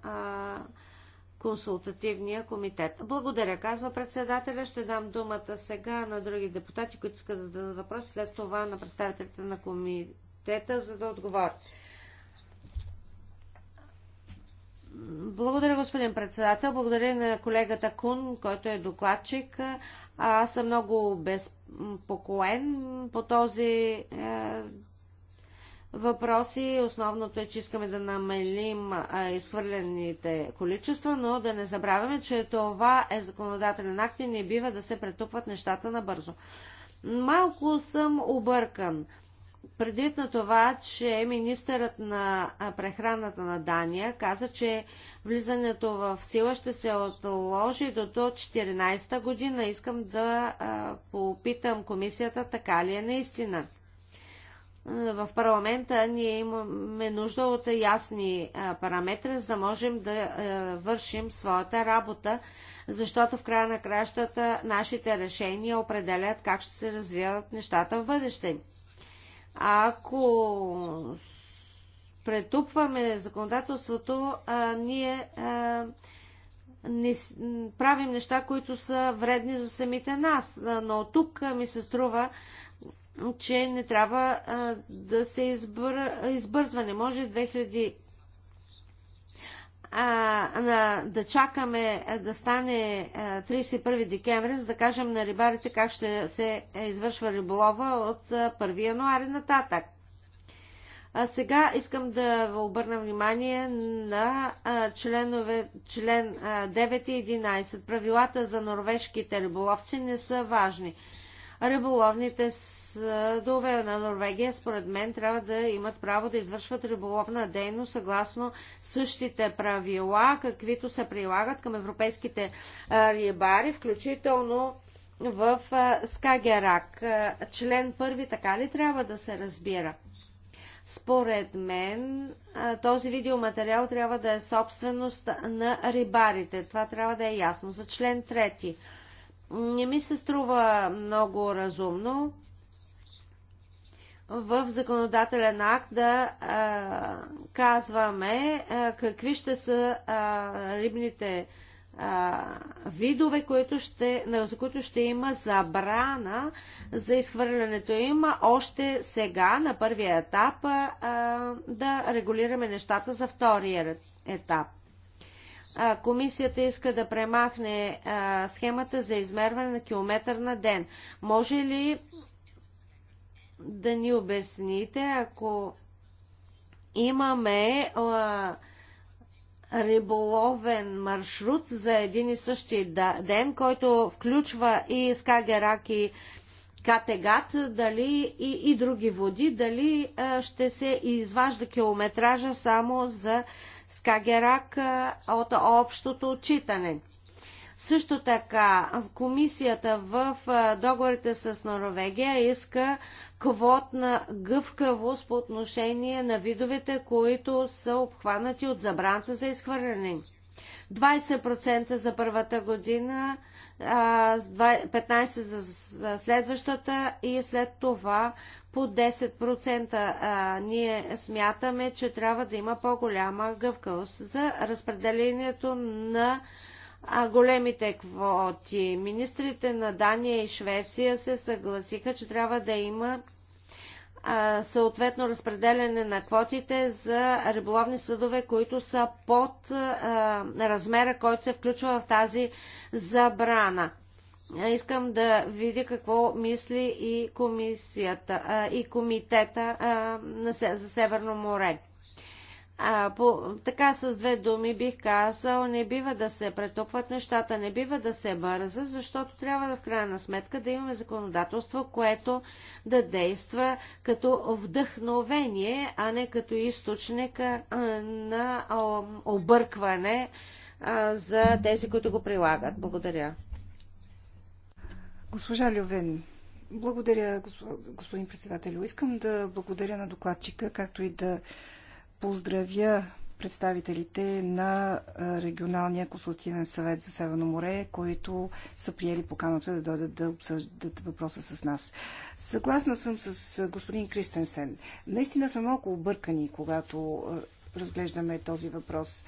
консултативния комитет. Благодаря, казва председателя. Ще дам думата сега на други депутати, които искат да зададат въпроси, след това на представителите на комитета, за да отговорят. Благодаря, господин председател. Благодаря на колегата Кун, който е докладчик. Аз съм много безпокоен по този е, въпроси. Основното е, че искаме да намалим е, изхвърлените количества, но да не забравяме, че това е законодателен акт и не бива да се претупват нещата набързо. Малко съм объркан. Предвид на това, че министърът на прехраната на Дания каза, че влизането в сила ще се отложи до 2014 година, искам да а, попитам комисията така ли е наистина. В парламента ние имаме нужда от ясни параметри, за да можем да вършим своята работа, защото в края на кращата нашите решения определят как ще се развиват нещата в бъдеще. Ако претупваме законодателството, а, ние а, не, правим неща, които са вредни за самите нас. Но тук ми се струва, че не трябва а, да се избър... избързва. Не може 2000 а, на, да чакаме да стане 31 декември, за да кажем на рибарите как ще се извършва риболова от 1 януари нататък. А сега искам да обърна внимание на членове, член 9 и 11. Правилата за норвежките риболовци не са важни риболовните съдове на Норвегия, според мен, трябва да имат право да извършват риболовна дейност съгласно същите правила, каквито се прилагат към европейските рибари, включително в Скагерак. Член първи така ли трябва да се разбира? Според мен този видеоматериал трябва да е собственост на рибарите. Това трябва да е ясно. За член трети не ми се струва много разумно в законодателен акт да а, казваме а, какви ще са а, рибните а, видове, които ще, за които ще има забрана за изхвърлянето им, още сега на първия етап а, да регулираме нещата за втория етап комисията иска да премахне схемата за измерване на километър на ден. Може ли да ни обясните, ако имаме риболовен маршрут за един и същи ден, който включва и Скагерак и Категат, дали и, и други води, дали а, ще се изважда километража само за Скагерак от общото отчитане. Също така, комисията в договорите с Норвегия иска квотна гъвкавост по отношение на видовете, които са обхванати от забраната за изхвърляне. 20% за първата година, 15 за, за следващата и след това по 10%. А, ние смятаме, че трябва да има по-голяма гъвкавост за разпределението на а, големите квоти. Министрите на Дания и Швеция се съгласиха, че трябва да има съответно разпределяне на квотите за риболовни съдове, които са под размера, който се включва в тази забрана. Искам да видя какво мисли и комисията, и комитета за Северно море. А, по, така с две думи бих казал, не бива да се претупват нещата, не бива да се бърза, защото трябва да в крайна сметка да имаме законодателство, което да действа като вдъхновение, а не като източник на объркване а, за тези, които го прилагат. Благодаря. Госпожа Лювен, благодаря, господин председател, Искам да благодаря на докладчика, както и да поздравя представителите на Регионалния консултивен съвет за Северно море, които са приели поканата да дойдат да обсъждат въпроса с нас. Съгласна съм с господин Кристенсен. Наистина сме малко объркани, когато разглеждаме този въпрос.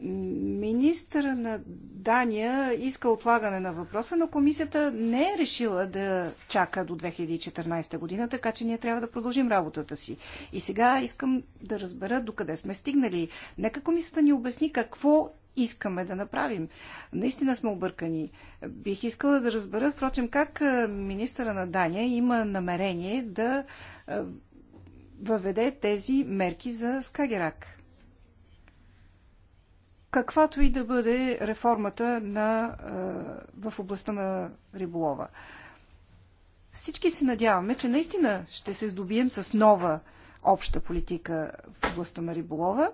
Министъра на Дания иска отлагане на въпроса, но комисията не е решила да чака до 2014 година, така че ние трябва да продължим работата си. И сега искам да разбера докъде сме стигнали. Нека комисията ни обясни какво искаме да направим. Наистина сме объркани. Бих искала да разбера, впрочем, как министъра на Дания има намерение да въведе тези мерки за Скагерак каквато и да бъде реформата на, в областта на риболова. Всички се надяваме, че наистина ще се здобием с нова обща политика в областта на риболова,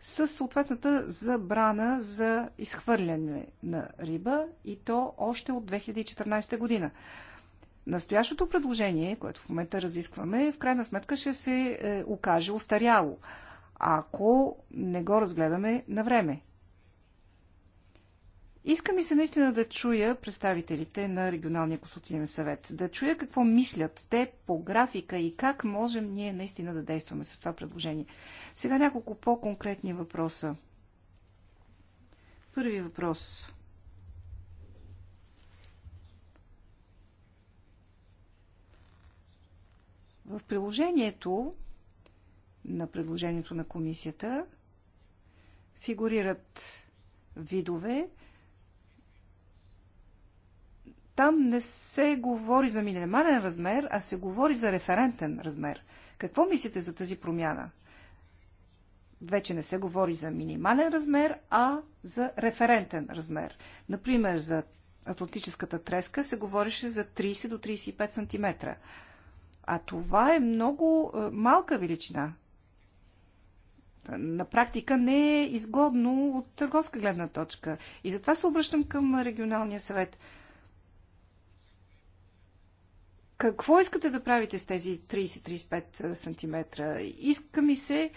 с съответната забрана за изхвърляне на риба и то още от 2014 година. Настоящото предложение, което в момента разискваме, в крайна сметка ще се е, окаже устаряло ако не го разгледаме на време. Иска ми се наистина да чуя представителите на Регионалния консултативен съвет, да чуя какво мислят те по графика и как можем ние наистина да действаме с това предложение. Сега няколко по-конкретни въпроса. Първи въпрос. В приложението на предложението на комисията фигурират видове. Там не се говори за минимален размер, а се говори за референтен размер. Какво мислите за тази промяна? Вече не се говори за минимален размер, а за референтен размер. Например, за атлантическата треска се говореше за 30 до 35 см. А това е много е, малка величина на практика не е изгодно от търговска гледна точка. И затова се обръщам към регионалния съвет. Какво искате да правите с тези 30-35 см? Иска ми се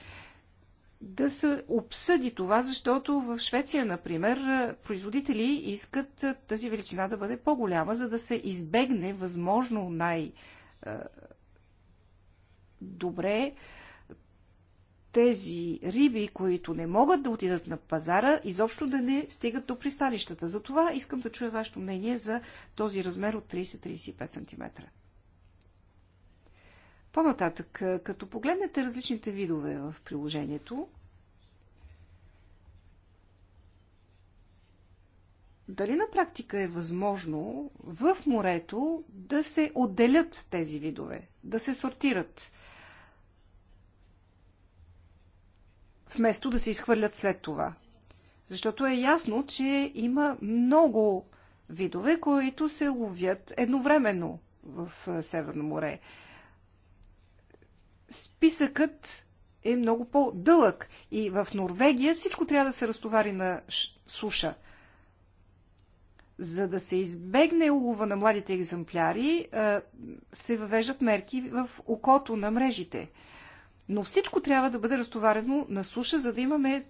да се обсъди това, защото в Швеция, например, производители искат тази величина да бъде по-голяма, за да се избегне възможно най- добре тези риби, които не могат да отидат на пазара, изобщо да не стигат до пристанищата. Затова искам да чуя вашето мнение за този размер от 30-35 см. По-нататък, като погледнете различните видове в приложението, дали на практика е възможно в морето да се отделят тези видове, да се сортират? вместо да се изхвърлят след това. Защото е ясно, че има много видове, които се ловят едновременно в е, Северно море. Списъкът е много по-дълъг и в Норвегия всичко трябва да се разтовари на суша. За да се избегне улова на младите екземпляри, е, се въвеждат мерки в окото на мрежите – но всичко трябва да бъде разтоварено на суша, за да имаме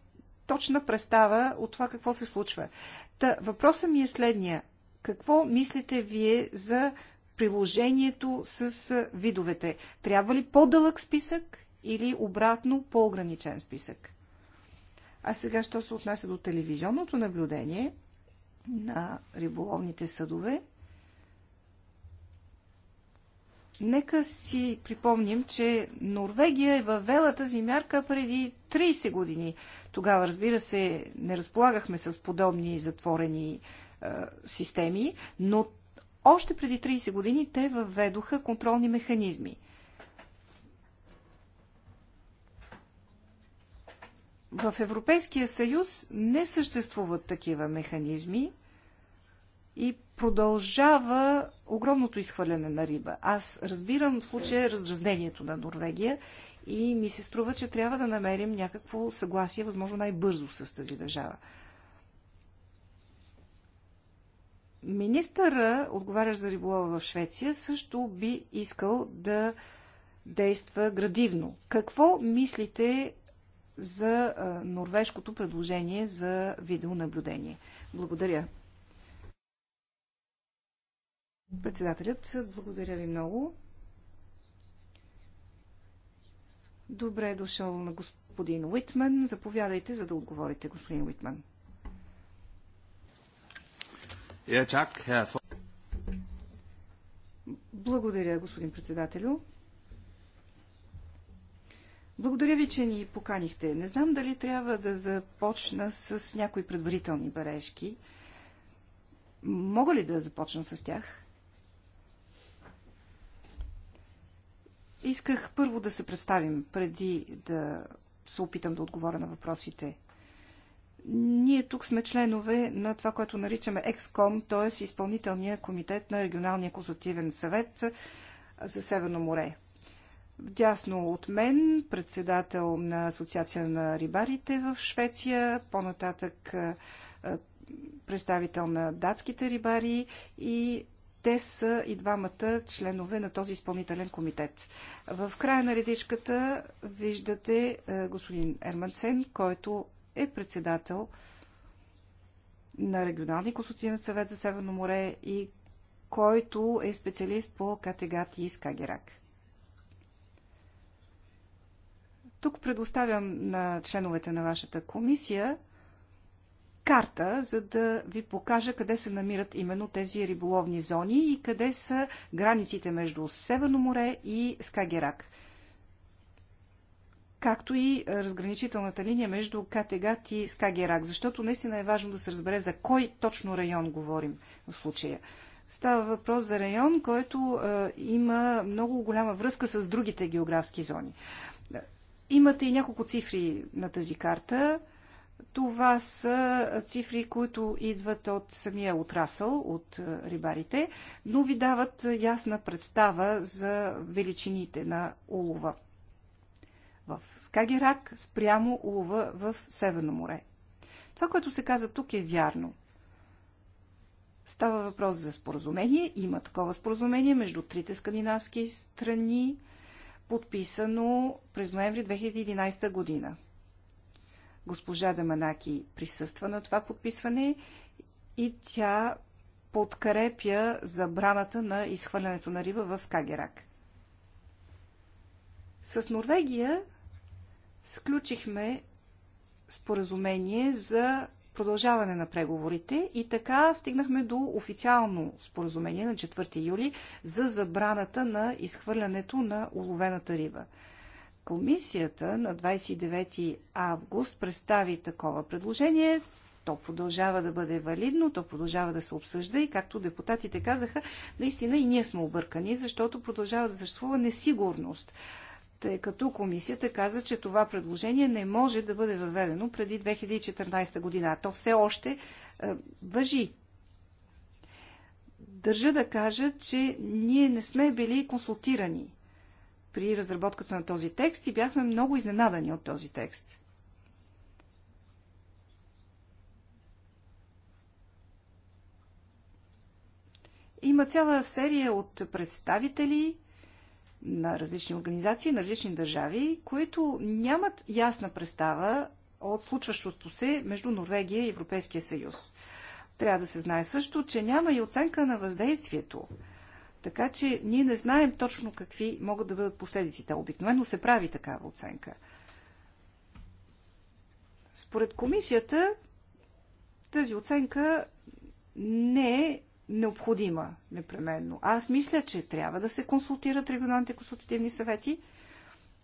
точна представа от това какво се случва. Та, въпросът ми е следния. Какво мислите вие за приложението с видовете? Трябва ли по-дълъг списък или обратно по-ограничен списък? А сега, що се отнася до телевизионното наблюдение на риболовните съдове, Нека си припомним, че Норвегия е въвела тази мярка преди 30 години. Тогава, разбира се, не разполагахме с подобни затворени е, системи, но още преди 30 години те въведоха контролни механизми. В Европейския съюз не съществуват такива механизми и продължава огромното изхвърляне на риба. Аз разбирам в случая раздразнението на Норвегия и ми се струва, че трябва да намерим някакво съгласие, възможно най-бързо с тази държава. Министъра, отговарящ за риболова в Швеция, също би искал да действа градивно. Какво мислите за норвежкото предложение за видеонаблюдение? Благодаря. Председателят, благодаря ви много. Добре е дошъл на господин Уитман. Заповядайте, за да отговорите, господин Уитман. Благодаря, господин председателю. Благодаря ви, че ни поканихте. Не знам дали трябва да започна с някои предварителни бележки. Мога ли да започна с тях? Исках първо да се представим, преди да се опитам да отговоря на въпросите. Ние тук сме членове на това, което наричаме ЕКСКОМ, т.е. изпълнителния комитет на Регионалния консултативен съвет за Северно море. Дясно от мен, председател на Асоциация на рибарите в Швеция, по-нататък представител на датските рибари и те са и двамата членове на този изпълнителен комитет. В края на редичката виждате е, господин Ермансен, който е председател на Регионалния консултативен съвет за Северно море и който е специалист по Категат и Скагерак. Тук предоставям на членовете на вашата комисия карта, за да ви покажа къде се намират именно тези риболовни зони и къде са границите между Северно море и Скагерак. Както и разграничителната линия между Категат и Скагерак, защото наистина е важно да се разбере за кой точно район говорим в случая. Става въпрос за район, който е, има много голяма връзка с другите географски зони. Имате и няколко цифри на тази карта. Това са цифри, които идват от самия отрасъл, от е, рибарите, но ви дават ясна представа за величините на улова в Скагерак спрямо улова в Северно море. Това, което се каза тук е вярно. Става въпрос за споразумение. Има такова споразумение между трите скандинавски страни, подписано през ноември 2011 година. Госпожа Даманаки присъства на това подписване и тя подкрепя забраната на изхвърлянето на риба в Скагерак. С Норвегия сключихме споразумение за продължаване на преговорите и така стигнахме до официално споразумение на 4 юли за забраната на изхвърлянето на уловената риба. Комисията на 29 август представи такова предложение. То продължава да бъде валидно, то продължава да се обсъжда и както депутатите казаха, наистина и ние сме объркани, защото продължава да съществува несигурност тъй като комисията каза, че това предложение не може да бъде въведено преди 2014 година. То все още е, въжи. Държа да кажа, че ние не сме били консултирани при разработката на този текст и бяхме много изненадани от този текст. Има цяла серия от представители на различни организации, на различни държави, които нямат ясна представа от случващото се между Норвегия и Европейския съюз. Трябва да се знае също, че няма и оценка на въздействието така че ние не знаем точно какви могат да бъдат последиците. Обикновено се прави такава оценка. Според комисията тази оценка не е необходима непременно. Аз мисля, че трябва да се консултират регионалните консултативни съвети,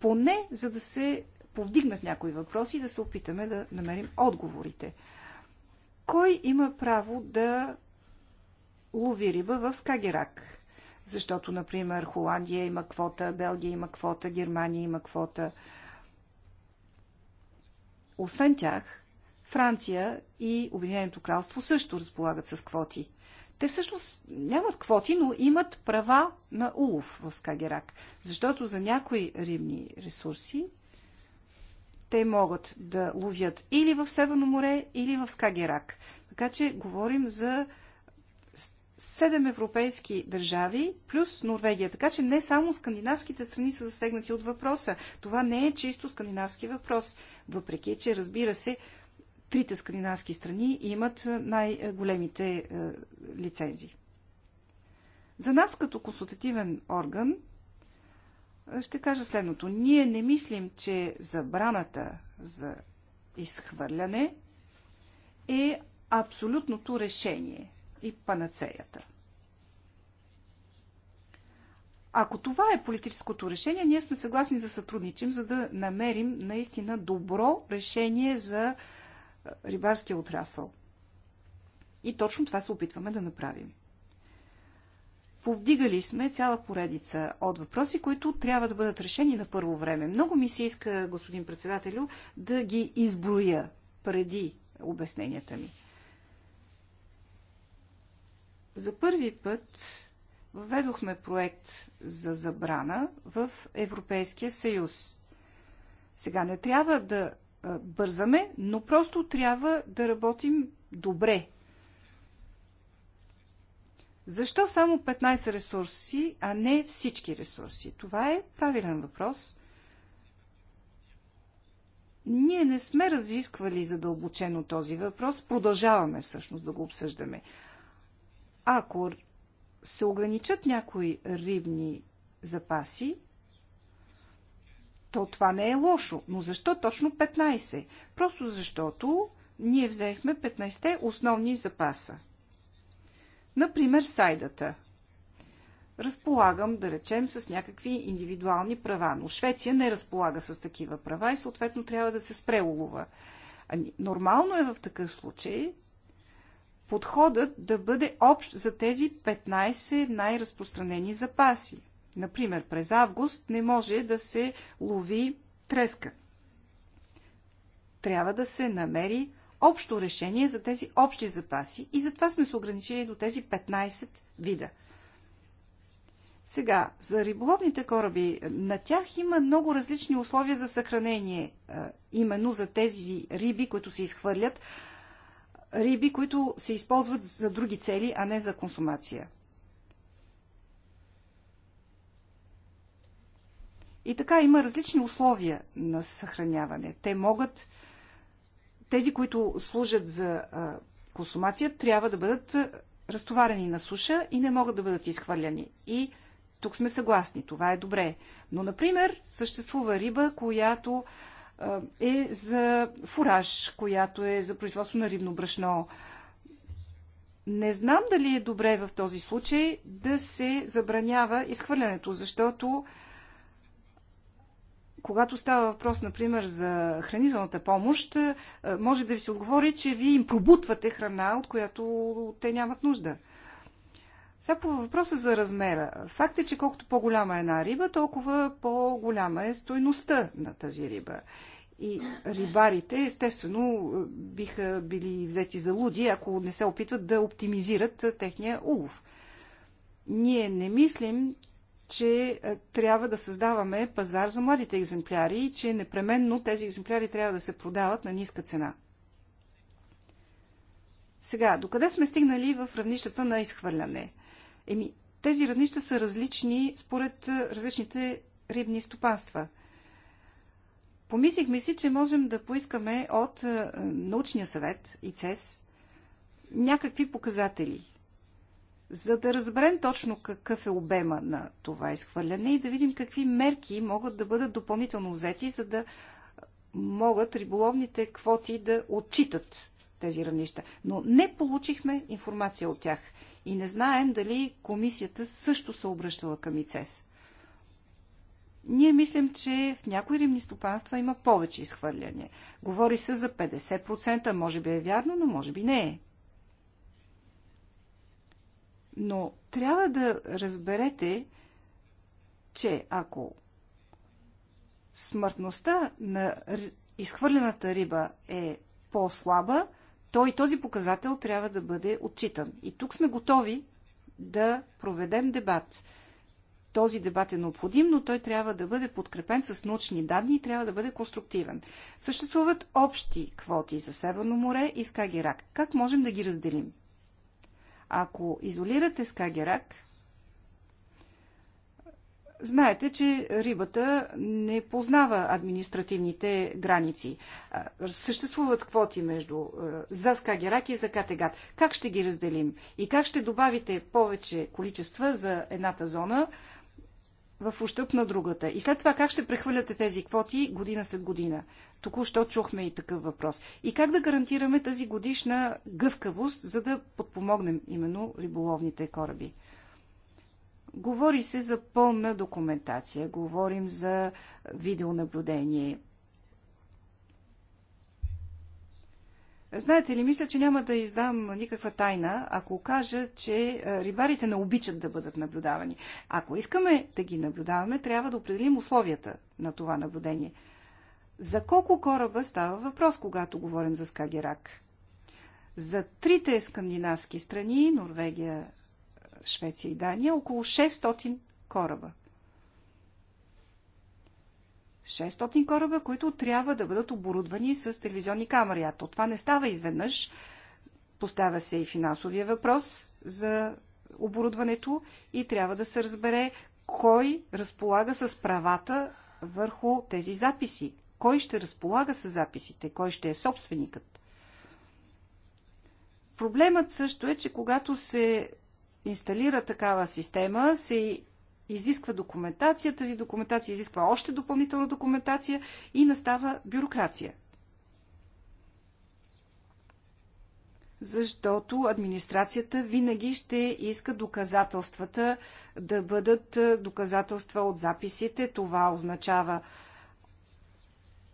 поне за да се повдигнат някои въпроси и да се опитаме да намерим отговорите. Кой има право да лови риба в Скагерак? защото, например, Холандия има квота, Белгия има квота, Германия има квота. Освен тях, Франция и Обединеното кралство също разполагат с квоти. Те всъщност нямат квоти, но имат права на улов в Скагерак, защото за някои рибни ресурси те могат да ловят или в Северно море, или в Скагерак. Така че говорим за 7 европейски държави плюс Норвегия. Така че не само скандинавските страни са засегнати от въпроса. Това не е чисто скандинавски въпрос. Въпреки, че разбира се, трите скандинавски страни имат е, най-големите е, лицензии. За нас като консултативен орган е, ще кажа следното. Ние не мислим, че забраната за изхвърляне е абсолютното решение – и панацеята. Ако това е политическото решение, ние сме съгласни да сътрудничим, за да намерим наистина добро решение за е, рибарския отрасъл. И точно това се опитваме да направим. Повдигали сме цяла поредица от въпроси, които трябва да бъдат решени на първо време. Много ми се иска, господин председателю, да ги изброя преди обясненията ми. За първи път въведохме проект за забрана в Европейския съюз. Сега не трябва да бързаме, но просто трябва да работим добре. Защо само 15 ресурси, а не всички ресурси? Това е правилен въпрос. Ние не сме разисквали задълбочено този въпрос, продължаваме всъщност да го обсъждаме. Ако се ограничат някои рибни запаси, то това не е лошо. Но защо точно 15? Просто защото ние взехме 15-те основни запаса. Например, сайдата. Разполагам, да речем, с някакви индивидуални права, но Швеция не разполага с такива права и съответно трябва да се спре улова. Ами, нормално е в такъв случай подходът да бъде общ за тези 15 най-разпространени запаси. Например, през август не може да се лови треска. Трябва да се намери общо решение за тези общи запаси и затова сме се ограничили до тези 15 вида. Сега, за риболовните кораби, на тях има много различни условия за съхранение, именно за тези риби, които се изхвърлят риби, които се използват за други цели, а не за консумация. И така има различни условия на съхраняване. Те могат, тези, които служат за консумация, трябва да бъдат разтоварени на суша и не могат да бъдат изхвърляни. И тук сме съгласни, това е добре. Но, например, съществува риба, която е за фураж, която е за производство на рибно брашно. Не знам дали е добре в този случай да се забранява изхвърлянето, защото когато става въпрос, например, за хранителната помощ, може да ви се отговори, че вие им пробутвате храна, от която те нямат нужда. Сега по въпроса за размера. Факт е, че колкото по-голяма е една риба, толкова по-голяма е стойността на тази риба. И рибарите, естествено, биха били взети за луди, ако не се опитват да оптимизират техния улов. Ние не мислим, че трябва да създаваме пазар за младите екземпляри и че непременно тези екземпляри трябва да се продават на ниска цена. Сега, докъде сме стигнали в равнищата на изхвърляне? Еми, тези равнища са различни според различните рибни стопанства. Помислихме си, че можем да поискаме от научния съвет и ЦЕС някакви показатели, за да разберем точно какъв е обема на това изхвърляне и да видим какви мерки могат да бъдат допълнително взети, за да могат риболовните квоти да отчитат тези равнища. Но не получихме информация от тях. И не знаем дали комисията също се обръщала към ИЦЕС. Ние мислим, че в някои римни стопанства има повече изхвърляне. Говори се за 50%, може би е вярно, но може би не е. Но трябва да разберете, че ако смъртността на изхвърлената риба е по-слаба, той този показател трябва да бъде отчитан. И тук сме готови да проведем дебат. Този дебат е необходим, но той трябва да бъде подкрепен с научни данни и трябва да бъде конструктивен. Съществуват общи квоти за Северно море и Скагерак. Как можем да ги разделим? Ако изолирате Скагерак, Знаете, че рибата не познава административните граници. Съществуват квоти между за Скагерак и за Категат. Как ще ги разделим? И как ще добавите повече количества за едната зона в ущъп на другата? И след това как ще прехвърляте тези квоти година след година? Току-що чухме и такъв въпрос. И как да гарантираме тази годишна гъвкавост, за да подпомогнем именно риболовните кораби? Говори се за пълна документация, говорим за видеонаблюдение. Знаете ли, мисля, че няма да издам никаква тайна, ако кажа, че рибарите не обичат да бъдат наблюдавани. Ако искаме да ги наблюдаваме, трябва да определим условията на това наблюдение. За колко кораба става въпрос, когато говорим за Скагерак? За трите скандинавски страни, Норвегия, Швеция и Дания, около 600 кораба. 600 кораба, които трябва да бъдат оборудвани с телевизионни камери. А то това не става изведнъж. Поставя се и финансовия въпрос за оборудването и трябва да се разбере кой разполага с правата върху тези записи. Кой ще разполага с записите? Кой ще е собственикът? Проблемът също е, че когато се инсталира такава система, се изисква документация, тази документация изисква още допълнителна документация и настава бюрокрация. Защото администрацията винаги ще иска доказателствата да бъдат е, доказателства от записите. Това означава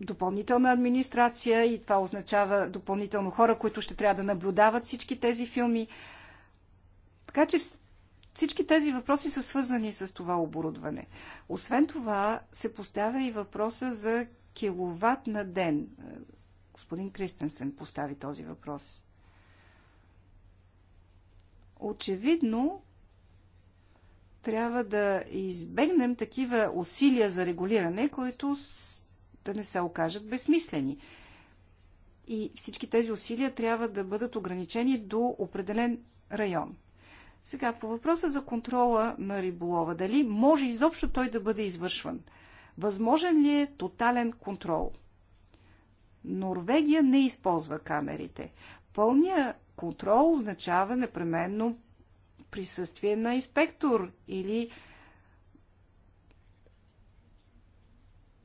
допълнителна администрация и това означава допълнително хора, които ще трябва да наблюдават всички тези филми. Така че всички тези въпроси са свързани с това оборудване. Освен това се поставя и въпроса за киловатт на ден. Е, господин Кристенсен постави този въпрос. Очевидно, трябва да избегнем такива усилия за регулиране, които да не се окажат безсмислени. И всички тези усилия трябва да бъдат ограничени до определен район. Сега, по въпроса за контрола на риболова, дали може изобщо той да бъде извършван? Възможен ли е тотален контрол? Норвегия не използва камерите. Пълния контрол означава непременно присъствие на инспектор или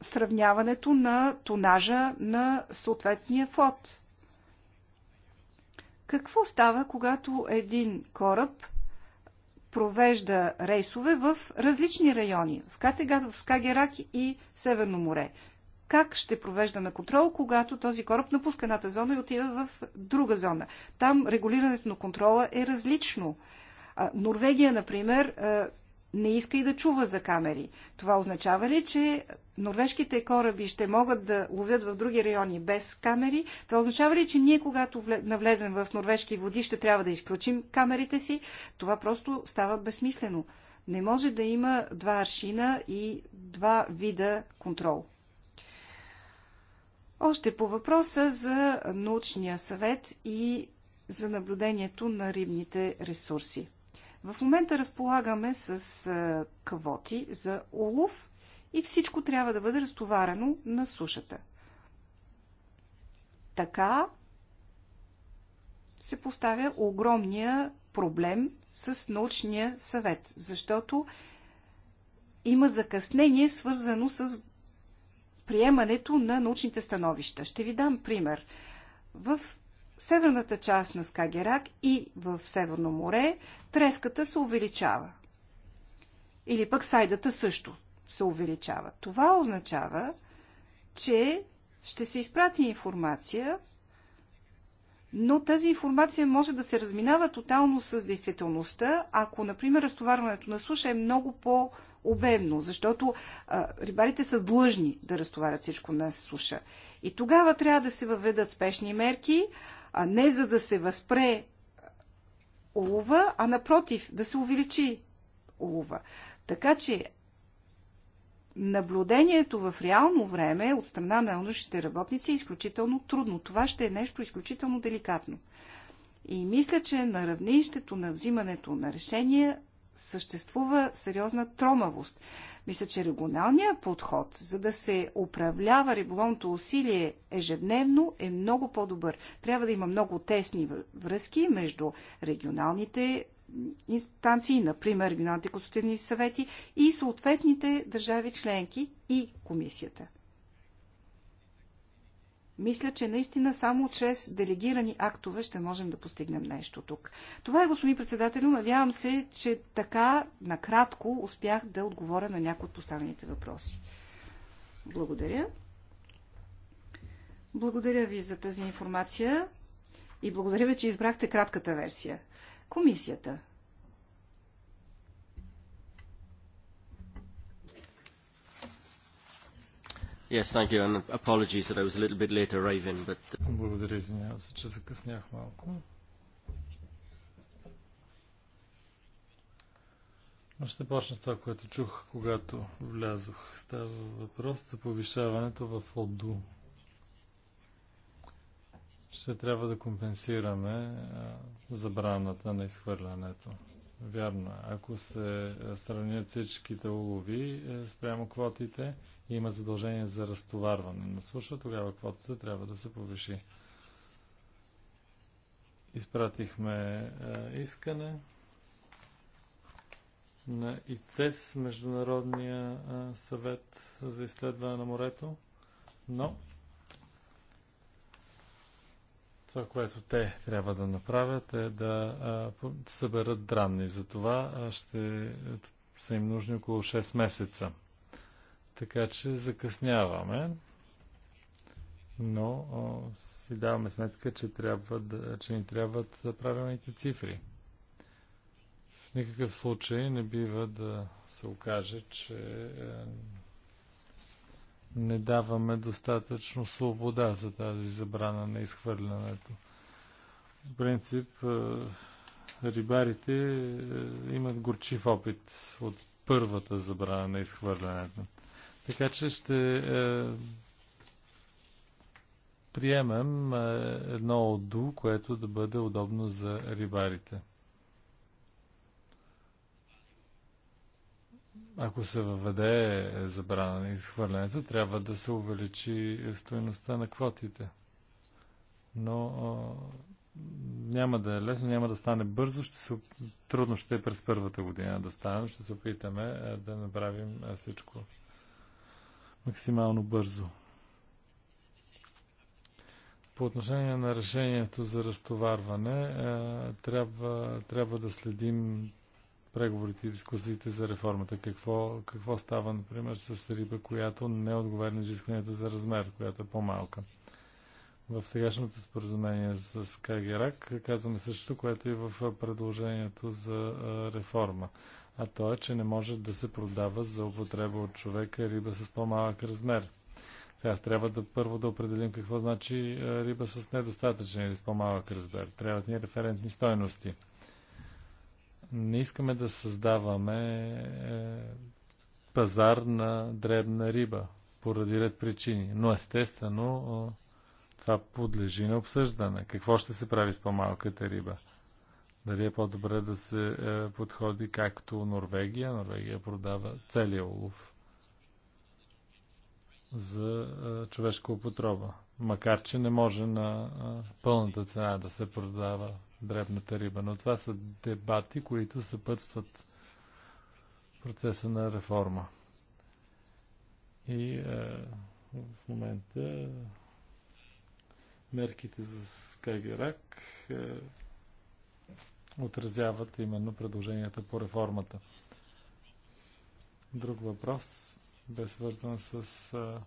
сравняването на тонажа на съответния флот. Какво става, когато един кораб провежда рейсове в различни райони, в Категат, в Скагерак и Северно море. Как ще провеждаме контрол, когато този кораб напуска едната зона и отива в друга зона? Там регулирането на контрола е различно. Норвегия, например, не иска и да чува за камери. Това означава ли, че норвежките кораби ще могат да ловят в други райони без камери, това означава ли, че ние, когато навлезем в норвежки води, ще трябва да изключим камерите си? Това просто става безсмислено. Не може да има два аршина и два вида контрол. Още по въпроса за научния съвет и за наблюдението на рибните ресурси. В момента разполагаме с квоти за улов и всичко трябва да бъде разтоварено на сушата. Така се поставя огромния проблем с научния съвет, защото има закъснение, свързано с приемането на научните становища. Ще ви дам пример. В северната част на Скагерак и в Северно море треската се увеличава. Или пък сайдата също се увеличава. Това означава, че ще се изпрати информация, но тази информация може да се разминава тотално с действителността, ако, например, разтоварването на суша е много по-обемно, защото а, рибарите са длъжни да разтоварят всичко на суша. И тогава трябва да се въведат спешни мерки, а не за да се възпре улова, а напротив, да се увеличи улова. Така че, наблюдението в реално време от страна на научните работници е изключително трудно. Това ще е нещо изключително деликатно. И мисля, че на равнището на взимането на решения съществува сериозна тромавост. Мисля, че регионалният подход, за да се управлява риболовното усилие ежедневно, е много по-добър. Трябва да има много тесни връзки между регионалните инстанции, например регионалните консултативни съвети и съответните държави членки и комисията. Мисля, че наистина само чрез делегирани актове ще можем да постигнем нещо тук. Това е, господин председател, Надявам се, че така накратко успях да отговоря на някои от поставените въпроси. Благодаря. Благодаря ви за тази информация и благодаря ви, че избрахте кратката версия комисията. Yes, thank you, and apologies that I was a little bit late arriving, but... Uh, Благодаря, извинявам се, че закъснях малко. Но ще почна с това, което чух, когато влязох. Става въпрос за повишаването в ОДУ ще трябва да компенсираме забраната на изхвърлянето. Вярно е. Ако се сравнят всичките улови е, спрямо квотите и има задължение за разтоварване на суша, тогава квотата трябва да се повиши. Изпратихме искане на ИЦЕС, Международния съвет за изследване на морето, но това, което те трябва да направят е да а, съберат данни. За това ще е, са им нужни около 6 месеца. Така че закъсняваме, но а, си даваме сметка, че, трябва да, че ни трябват правилните цифри. В никакъв случай не бива да се окаже, че е, не даваме достатъчно свобода за тази забрана на изхвърлянето. В принцип, е, рибарите е, имат горчив опит от първата забрана на изхвърлянето. Така че ще е, приемем е, едно от което да бъде удобно за рибарите. ако се въведе забрана на изхвърлянето, трябва да се увеличи стоеността на квотите. Но а, няма да е лесно, няма да стане бързо, ще се, трудно ще е през първата година да стане, ще се опитаме да направим всичко максимално бързо. По отношение на решението за разтоварване, трябва, трябва да следим преговорите и дискусиите за реформата. Какво, какво става, например, с риба, която не отговаря на изискванията за размер, която е по-малка? В сегашното споразумение с Кагерак казваме също, което и в предложението за реформа. А то е, че не може да се продава за употреба от човека риба с по-малък размер. Сега трябва да първо да определим какво значи риба с недостатъчен или с по-малък размер. Трябват ни референтни стойности не искаме да създаваме е, пазар на дребна риба поради ред причини. Но естествено е, това подлежи на обсъждане. Какво ще се прави с по-малката риба? Дали е по-добре да се е, подходи както Норвегия? Норвегия продава целия улов за човешка употреба. Макар, че не може на пълната цена да се продава дребната риба. Но това са дебати, които съпътстват процеса на реформа. И е, в момента мерките за Скагерак е, отразяват именно предложенията по реформата. Друг въпрос бе свързан с е,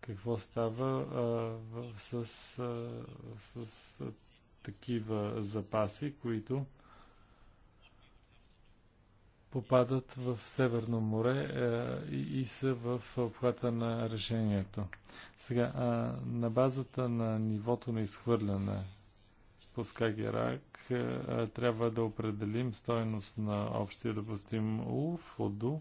какво става а, е, с, а, е, с е, такива запаси, които попадат в Северно море е, и, и са в обхвата на решението. Сега, а, на базата на нивото на изхвърляне по Скагерак е, е, трябва да определим стойност на общия допустим улов от ДУ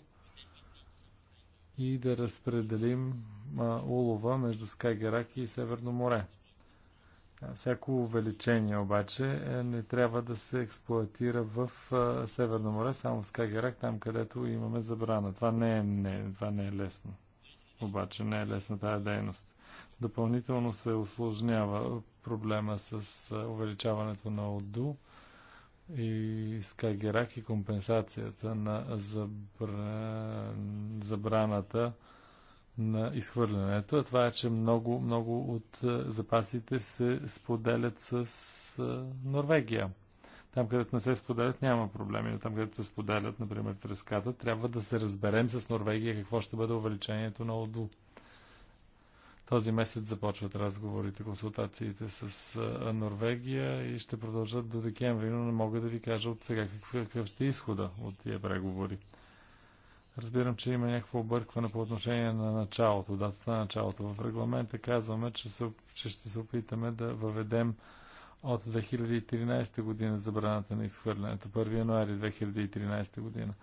и да разпределим а, улова между Скагерак и Северно море. Всяко увеличение обаче е, не трябва да се експлуатира в Северно море, само в Скагерак, там където имаме забрана. Това не е, не, това не е лесно. Обаче не е лесна тази дейност. Допълнително се осложнява проблема с увеличаването на ОДУ и Скагерак и компенсацията на забра... забраната на изхвърлянето, а това е, че много, много от е, запасите се споделят с е, Норвегия. Там, където не се споделят, няма проблеми, но там, където се споделят, например, треската, трябва да се разберем с Норвегия какво ще бъде увеличението на ОДУ. Този месец започват разговорите, консултациите с е, Норвегия и ще продължат до декември, но не мога да ви кажа от сега какъв, ще е изхода от тия преговори. Разбирам, че има някакво объркване по отношение на началото, датата на началото. В регламента казваме, че, се, че ще се опитаме да въведем от 2013 година забраната на изхвърлянето, 1 януари 2013 година.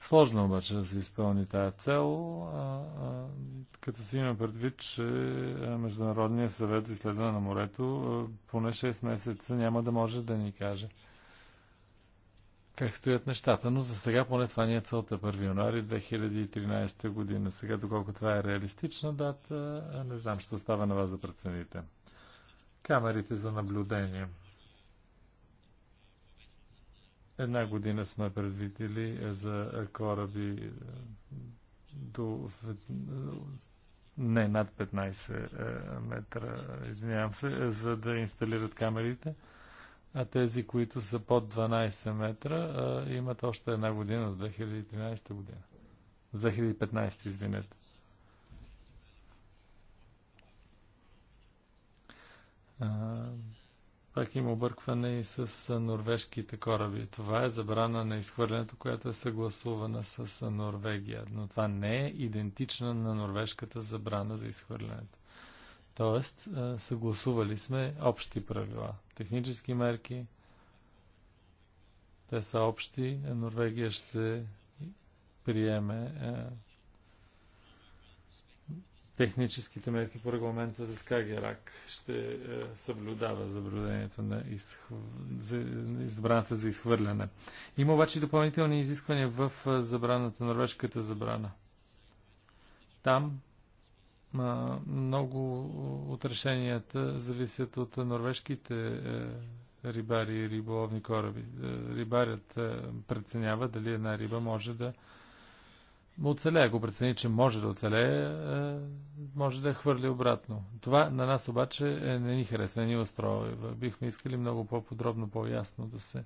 Сложно е обаче да се изпълни тази цел, а, а, като си има предвид, че Международният съвет за изследване на морето а, поне 6 месеца няма да може да ни каже – как стоят нещата, но за сега поне това ни е целта 1 януари 2013 година. Сега, доколко това е реалистична дата, не знам, ще остава на вас да прецените. Камерите за наблюдение. Една година сме предвидели за кораби е, до е, не над 15 е, метра, извинявам се, за да инсталират камерите а тези, които са под 12 метра, а, имат още една година до 2013 година. 2015, извинете. А, пак има объркване и с норвежките кораби. Това е забрана на изхвърлянето, която е съгласувана с Норвегия, но това не е идентична на норвежката забрана за изхвърлянето. Тоест, съгласували сме общи правила, технически мерки. Те са общи. Е, Норвегия ще приеме е, техническите мерки по регламента за Скагерак ще е, съблюдава заблюдението на изхв... избраната за изхвърляне. Има обаче допълнителни изисквания в е, забраната, норвежката забрана. Там много от решенията зависят от норвежките е, рибари и риболовни кораби. Е, рибарят е, преценява дали една риба може да оцелее. Ако прецени, че може да оцелее, може да я хвърли обратно. Това на нас обаче не ни харесва, не ни устройва. Бихме искали много по-подробно, по-ясно да се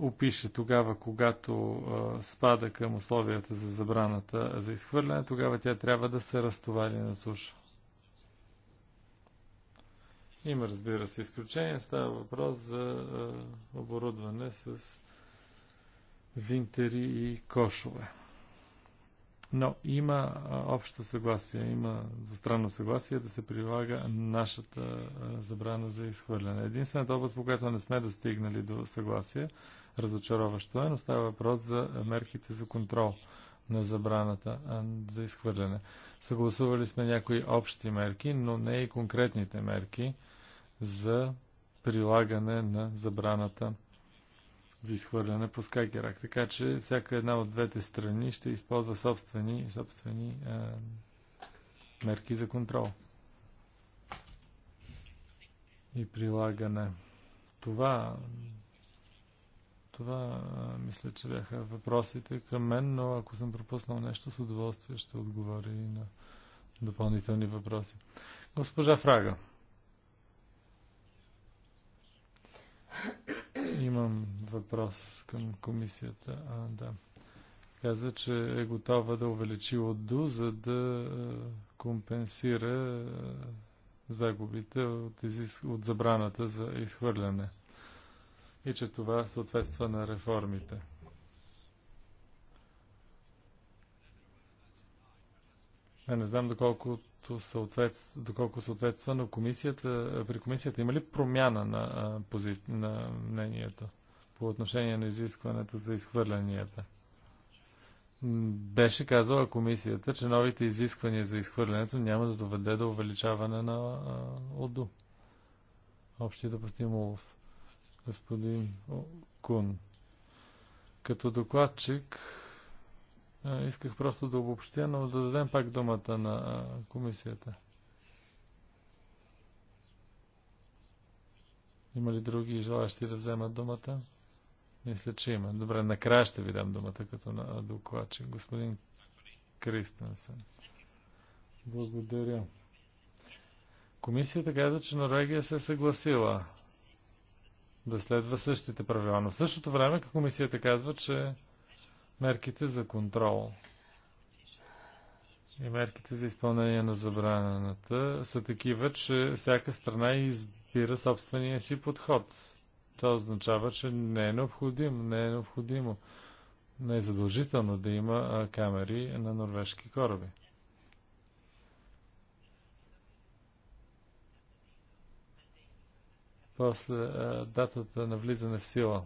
опише тогава, когато а, спада към условията за забраната за изхвърляне, тогава тя трябва да се разтовари на суша. Има, разбира се, изключение. Става въпрос за а, оборудване с винтери и кошове. Но има общо съгласие, има двустранно съгласие да се прилага нашата забрана за изхвърляне. Единствената област, по която не сме достигнали до съгласие, разочароващо е, но става въпрос за мерките за контрол на забраната за изхвърляне. Съгласували сме някои общи мерки, но не и конкретните мерки за прилагане на забраната за изхвърляне по Скайкерак. Така че всяка една от двете страни ще използва собствени, собствени е, мерки за контрол и прилагане. Това това а, мисля, че бяха въпросите към мен, но ако съм пропуснал нещо, с удоволствие ще отговоря и на допълнителни въпроси. Госпожа Фрага. Имам въпрос към комисията. А, да. Каза, че е готова да увеличи отду, за да компенсира загубите от, изис... от забраната за изхвърляне и че това съответства на реформите. Не, не знам доколкото съответства, доколко съответства, но комисията, е, при комисията има ли промяна на, е, пози, на мнението по отношение на изискването за изхвърлянията? Беше казала комисията, че новите изисквания за изхвърлянето няма да доведе до увеличаване на е, ОДУ. Общия допустим улов господин Кун. Като докладчик исках просто да обобщя, но да дадем пак думата на комисията. Има ли други желащи да вземат думата? Мисля, че има. Добре, накрая ще ви дам думата като на докладчик. Господин Кристенсен. Благодаря. Комисията каза, че Норвегия се е съгласила да следва същите правила. Но в същото време комисията казва, че мерките за контрол и мерките за изпълнение на забраната са такива, че всяка страна избира собствения си подход. Това означава, че не е необходимо, не е необходимо, не е задължително да има камери на норвежки кораби. после а, е, датата на влизане в сила.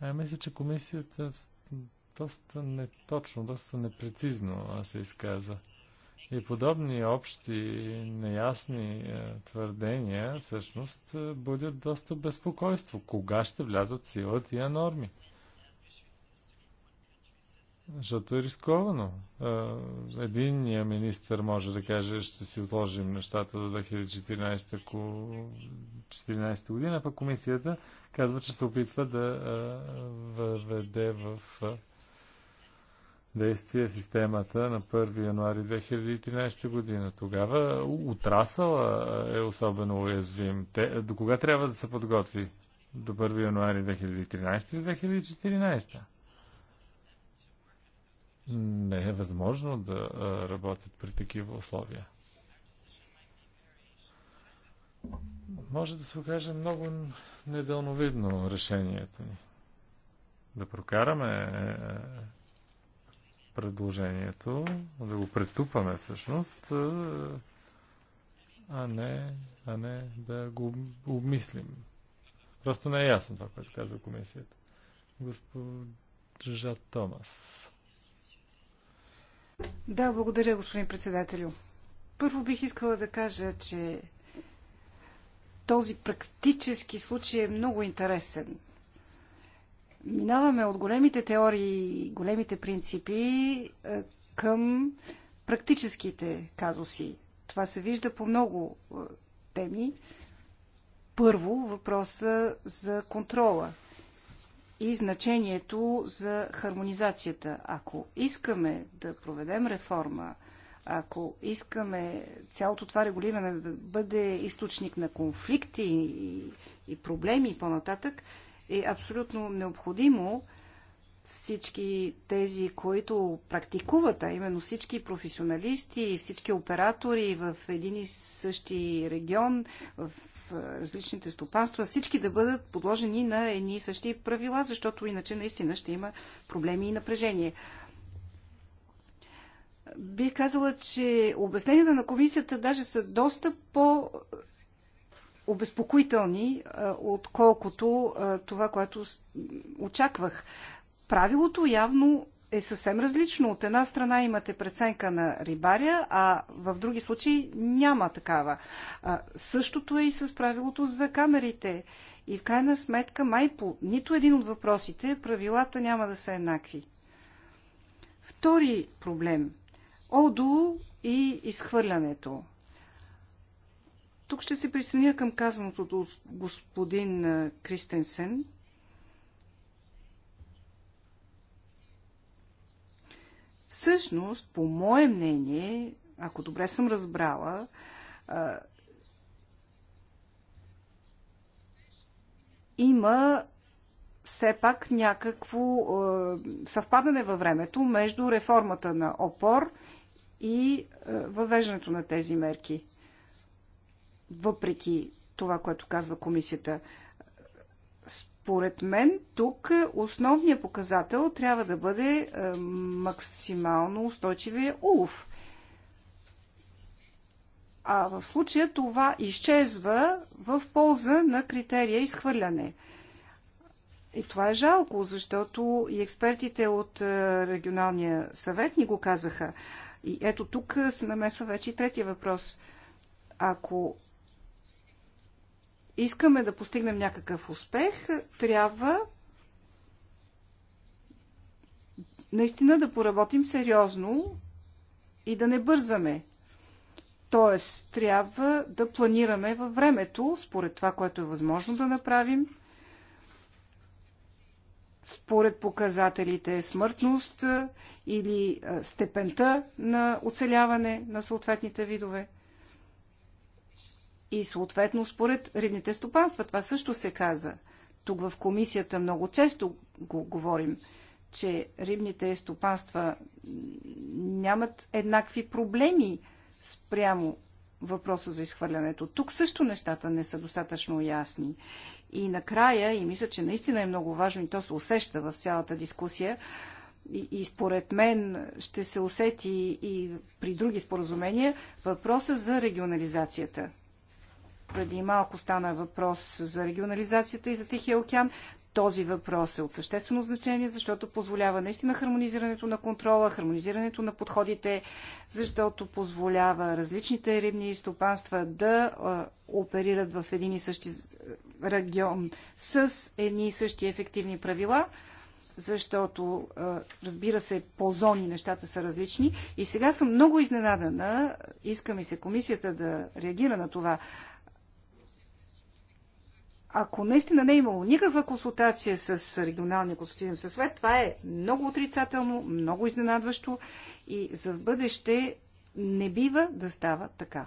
А, мисля, че комисията доста неточно, доста непрецизно се изказа. И подобни общи неясни е, твърдения всъщност е, будят доста безпокойство. Кога ще влязат в сила тия норми? Защото е рисковано. Единният министр може да каже, ще си отложим нещата до 2014 година, пък комисията казва, че се опитва да въведе в действие системата на 1 януари 2013 година. Тогава отрасъла е особено уязвим. Те, до кога трябва да се подготви? До 1 януари 2013 или 2014? не е възможно да работят при такива условия. Може да се окаже много недълновидно решението ни. Да прокараме е, е, предложението, да го претупаме всъщност, е, а не, а не да го обмислим. Просто не е ясно това, което казва комисията. Госпожа Томас. Да, благодаря, господин председателю. Първо бих искала да кажа, че този практически случай е много интересен. Минаваме от големите теории, и големите принципи е, към практическите казуси. Това се вижда по много е, теми. Първо, въпроса за контрола – и значението за хармонизацията. Ако искаме да проведем реформа, ако искаме цялото това регулиране да бъде източник на конфликти и, и проблеми и по-нататък, е абсолютно необходимо всички тези, които практикуват, а именно всички професионалисти, всички оператори в един и същи регион, в различните стопанства, всички да бъдат подложени на едни и същи правила, защото иначе наистина ще има проблеми и напрежение. Бих казала, че обясненията на комисията даже са доста по обезпокоителни, отколкото това, което очаквах. Правилото явно е съвсем различно. От една страна имате преценка на рибаря, а в други случаи няма такава. А, същото е и с правилото за камерите. И в крайна сметка, май по нито един от въпросите, правилата няма да са еднакви. Втори проблем. ОДУ и изхвърлянето. Тук ще се присъединя към казаното от господин Кристенсен – Всъщност, по мое мнение, ако добре съм разбрала, има все пак някакво е, съвпадане във времето между реформата на ОПОР и е, въвеждането на тези мерки. Въпреки това, което казва комисията. Според мен тук основният показател трябва да бъде е, максимално устойчивия улов. А в случая това изчезва в полза на критерия изхвърляне. И това е жалко, защото и експертите от е, регионалния съвет ни го казаха. И ето тук се намесва вече и третия въпрос. Ако искаме да постигнем някакъв успех, трябва наистина да поработим сериозно и да не бързаме. Тоест, трябва да планираме във времето, според това, което е възможно да направим, според показателите смъртност или степента на оцеляване на съответните видове и съответно според рибните стопанства. Това също се каза. Тук в комисията много често го говорим, че рибните стопанства нямат еднакви проблеми спрямо въпроса за изхвърлянето. Тук също нещата не са достатъчно ясни. И накрая, и мисля, че наистина е много важно, и то се усеща в цялата дискусия, и, и според мен ще се усети и при други споразумения, въпроса за регионализацията – преди малко стана въпрос за регионализацията и за Тихия океан. Този въпрос е от съществено значение, защото позволява наистина хармонизирането на контрола, хармонизирането на подходите, защото позволява различните рибни стопанства да оперират в един и същи регион с едни и същи ефективни правила защото, разбира се, по зони нещата са различни. И сега съм много изненадана. Искам и се комисията да реагира на това. Ако наистина не е имало никаква консултация с регионалния консултативен съвет, това е много отрицателно, много изненадващо и за в бъдеще не бива да става така.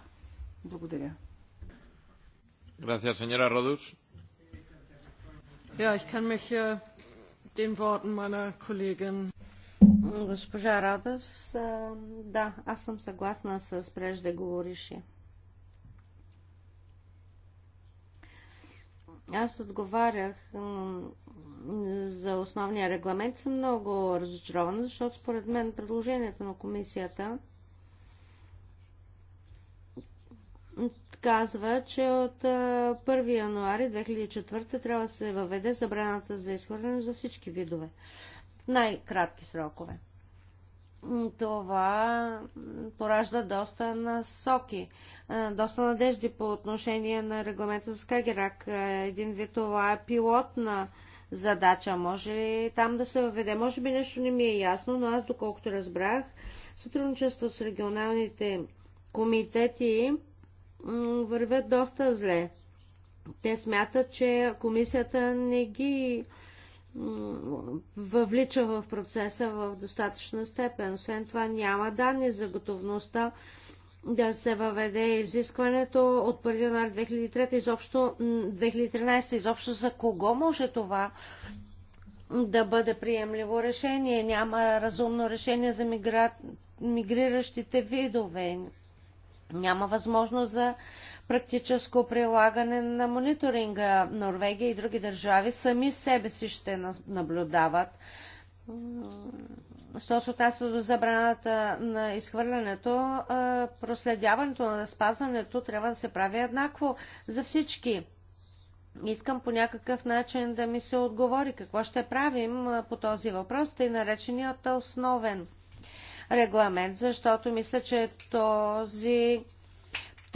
Благодаря. Gracias, señora Rodus. Ja, ich kann mich den Worten meiner Kollegin Госпожа Радос, да, аз съм съгласна с преждеговорившия. Аз отговарях за основния регламент. Съм много разочарована, защото според мен предложението на комисията казва, че от 1 януари 2004 трябва да се въведе забраната за изхвърляне за всички видове. Най-кратки срокове това поражда доста насоки, доста надежди по отношение на регламента за Скагерак. Един вид това е пилотна задача. Може ли там да се въведе? Може би нещо не ми е ясно, но аз доколкото разбрах, сътрудничество с регионалните комитети вървят доста зле. Те смятат, че комисията не ги въвлича в процеса в достатъчна степен. Освен това няма данни за готовността да се въведе изискването от 1 януари 2003 изобщо, 2013 изобщо за кого може това да бъде приемливо решение. Няма разумно решение за мигра... мигриращите видове. Няма възможност за практическо прилагане на мониторинга. Норвегия и други държави сами себе си ще наблюдават. Що се отнася до забраната на изхвърлянето, проследяването на спазването трябва да се прави еднакво за всички. Искам по някакъв начин да ми се отговори какво ще правим по този въпрос, тъй нареченият основен регламент, защото мисля, че този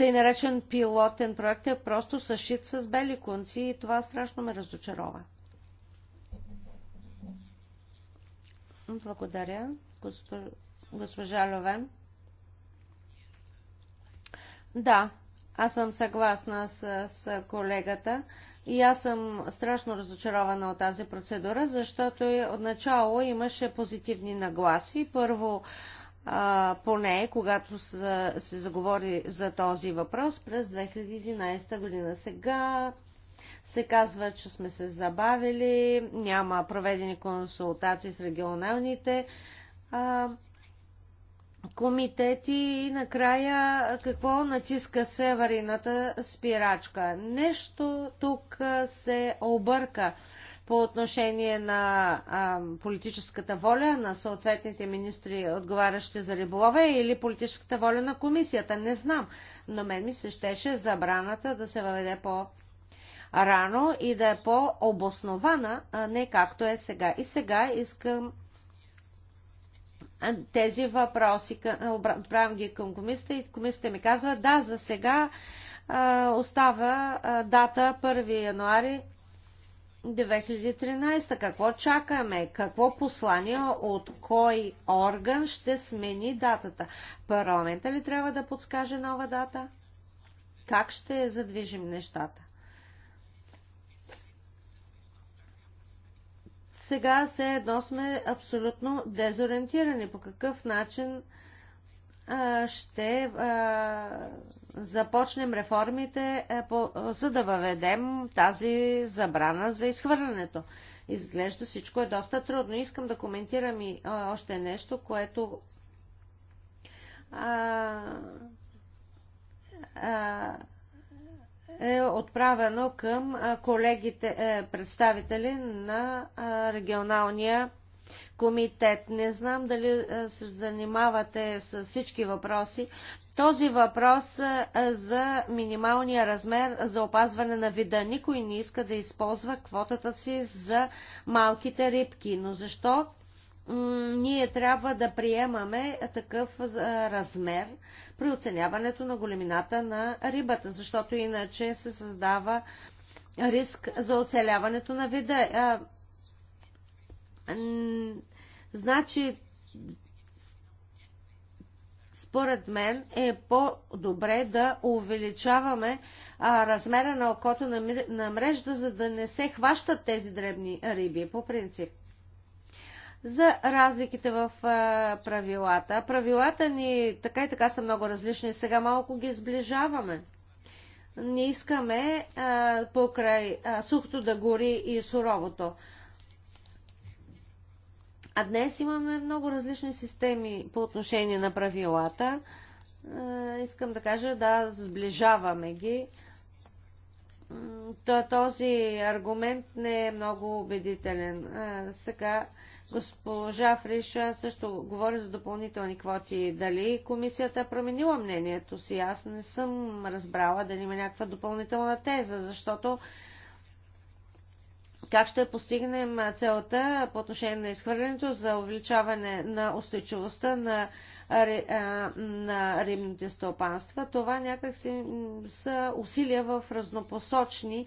тъй наречен пилотен проект е просто съшит с бели конци и това страшно ме разочарова. Благодаря, госпожа Льовен. Да, аз съм съгласна с, с колегата и аз съм страшно разочарована от тази процедура, защото отначало имаше позитивни нагласи. Първо, а, поне когато са, се заговори за този въпрос през 2011 година. Сега се казва, че сме се забавили, няма проведени консултации с регионалните а, комитети и накрая какво натиска се аварийната спирачка. Нещо тук се обърка по отношение на а, политическата воля на съответните министри, отговарящи за риболове, или политическата воля на комисията. Не знам. но мен ми се щеше забраната да се въведе по рано и да е по-обоснована, а не както е сега. И сега искам тези въпроси, отправям ги към комисията и комисията ми казва, да, за сега а, остава а, дата 1 януари 2013. Какво чакаме? Какво послание от кой орган ще смени датата? Парламента ли трябва да подскаже нова дата? Как ще задвижим нещата? Сега все едно сме абсолютно дезориентирани. По какъв начин ще започнем реформите, е, за да въведем тази забрана за изхвърлянето. Изглежда всичко е доста трудно. Искам да коментирам и още нещо, което е отправено към колегите, е, представители на регионалния комитет. Не знам дали е, се занимавате с всички въпроси. Този въпрос е, е, за минималния размер за опазване на вида. Никой не иска да използва квотата си за малките рибки. Но защо ние трябва да приемаме такъв размер при оценяването на големината на рибата, защото иначе се създава риск за оцеляването на вида. Значи, според мен е по-добре да увеличаваме а, размера на окото на, на мрежда, за да не се хващат тези дребни риби по принцип. За разликите в а, правилата. Правилата ни така и така са много различни. Сега малко ги сближаваме. Не искаме а, покрай а, сухото да гори и суровото. А днес имаме много различни системи по отношение на правилата. Е, искам да кажа, да, сближаваме ги. този аргумент не е много убедителен. Е, сега госпожа Фриша също говори за допълнителни квоти. Дали комисията е променила мнението си? Аз не съм разбрала дали има някаква допълнителна теза, защото как ще постигнем целта по отношение на изхвърлянето за увеличаване на устойчивостта на, на рибните стопанства? Това някак си са усилия в разнопосочни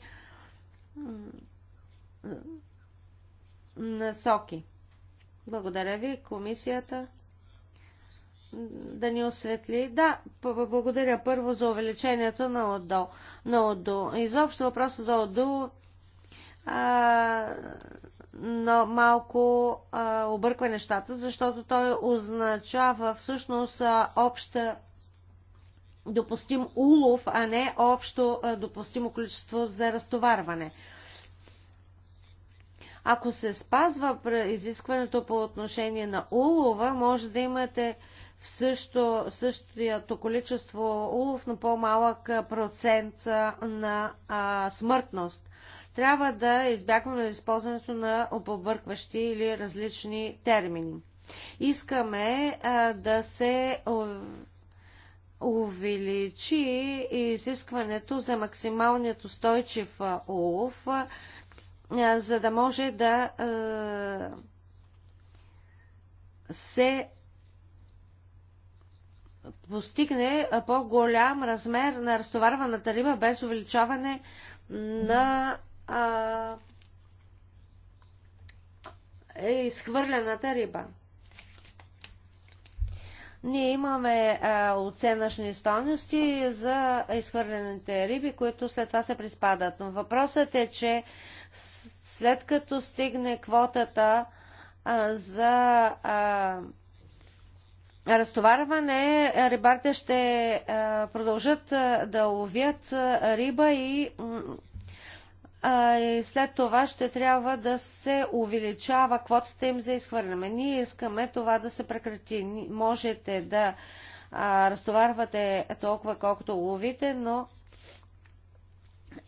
насоки. Благодаря ви, комисията. Да ни осветли. Да, благодаря първо за увеличението на ОДО. На ОДО. Изобщо въпроса за ОДО а, но малко а, обърква нещата, защото той означава всъщност а, обща допустим улов, а не общо а, допустимо количество за разтоварване. Ако се спазва изискването по отношение на улова, може да имате в също, същото количество улов, но по-малък процент на а, смъртност. Трябва да избягваме използването на объркващи или различни термини. Искаме а, да се увеличи изискването за максималният устойчив улов, за да може да а, се постигне по-голям размер на разтоварваната риба без увеличаване на а, е изхвърлената риба. Ние имаме а, оценъчни стойности за изхвърлените риби, които след това се приспадат. Но въпросът е, че след като стигне квотата а, за а, разтоварване, рибарите ще а, продължат а, да ловят а, риба и а, и след това ще трябва да се увеличава квотата им за изхвърляне. Ние искаме това да се прекрати. Можете да а, разтоварвате толкова колкото ловите, но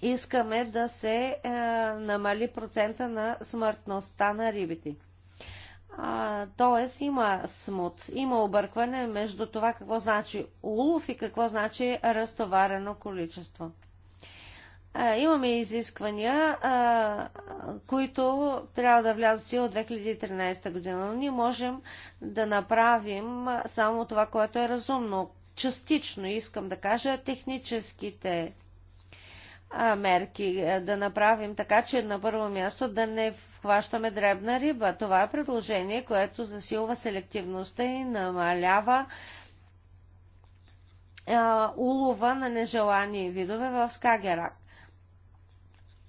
искаме да се а, е, намали процента на смъртността на рибите. А, тоест има смут, има объркване между това какво значи улов и какво значи разтоварено количество а, имаме изисквания, а, които трябва да влязат си от 2013 година. Но ние можем да направим само това, което е разумно. Частично искам да кажа техническите а, мерки да направим така, че на първо място да не хващаме дребна риба. Това е предложение, което засилва селективността и намалява улова на нежелани видове в Скагерак.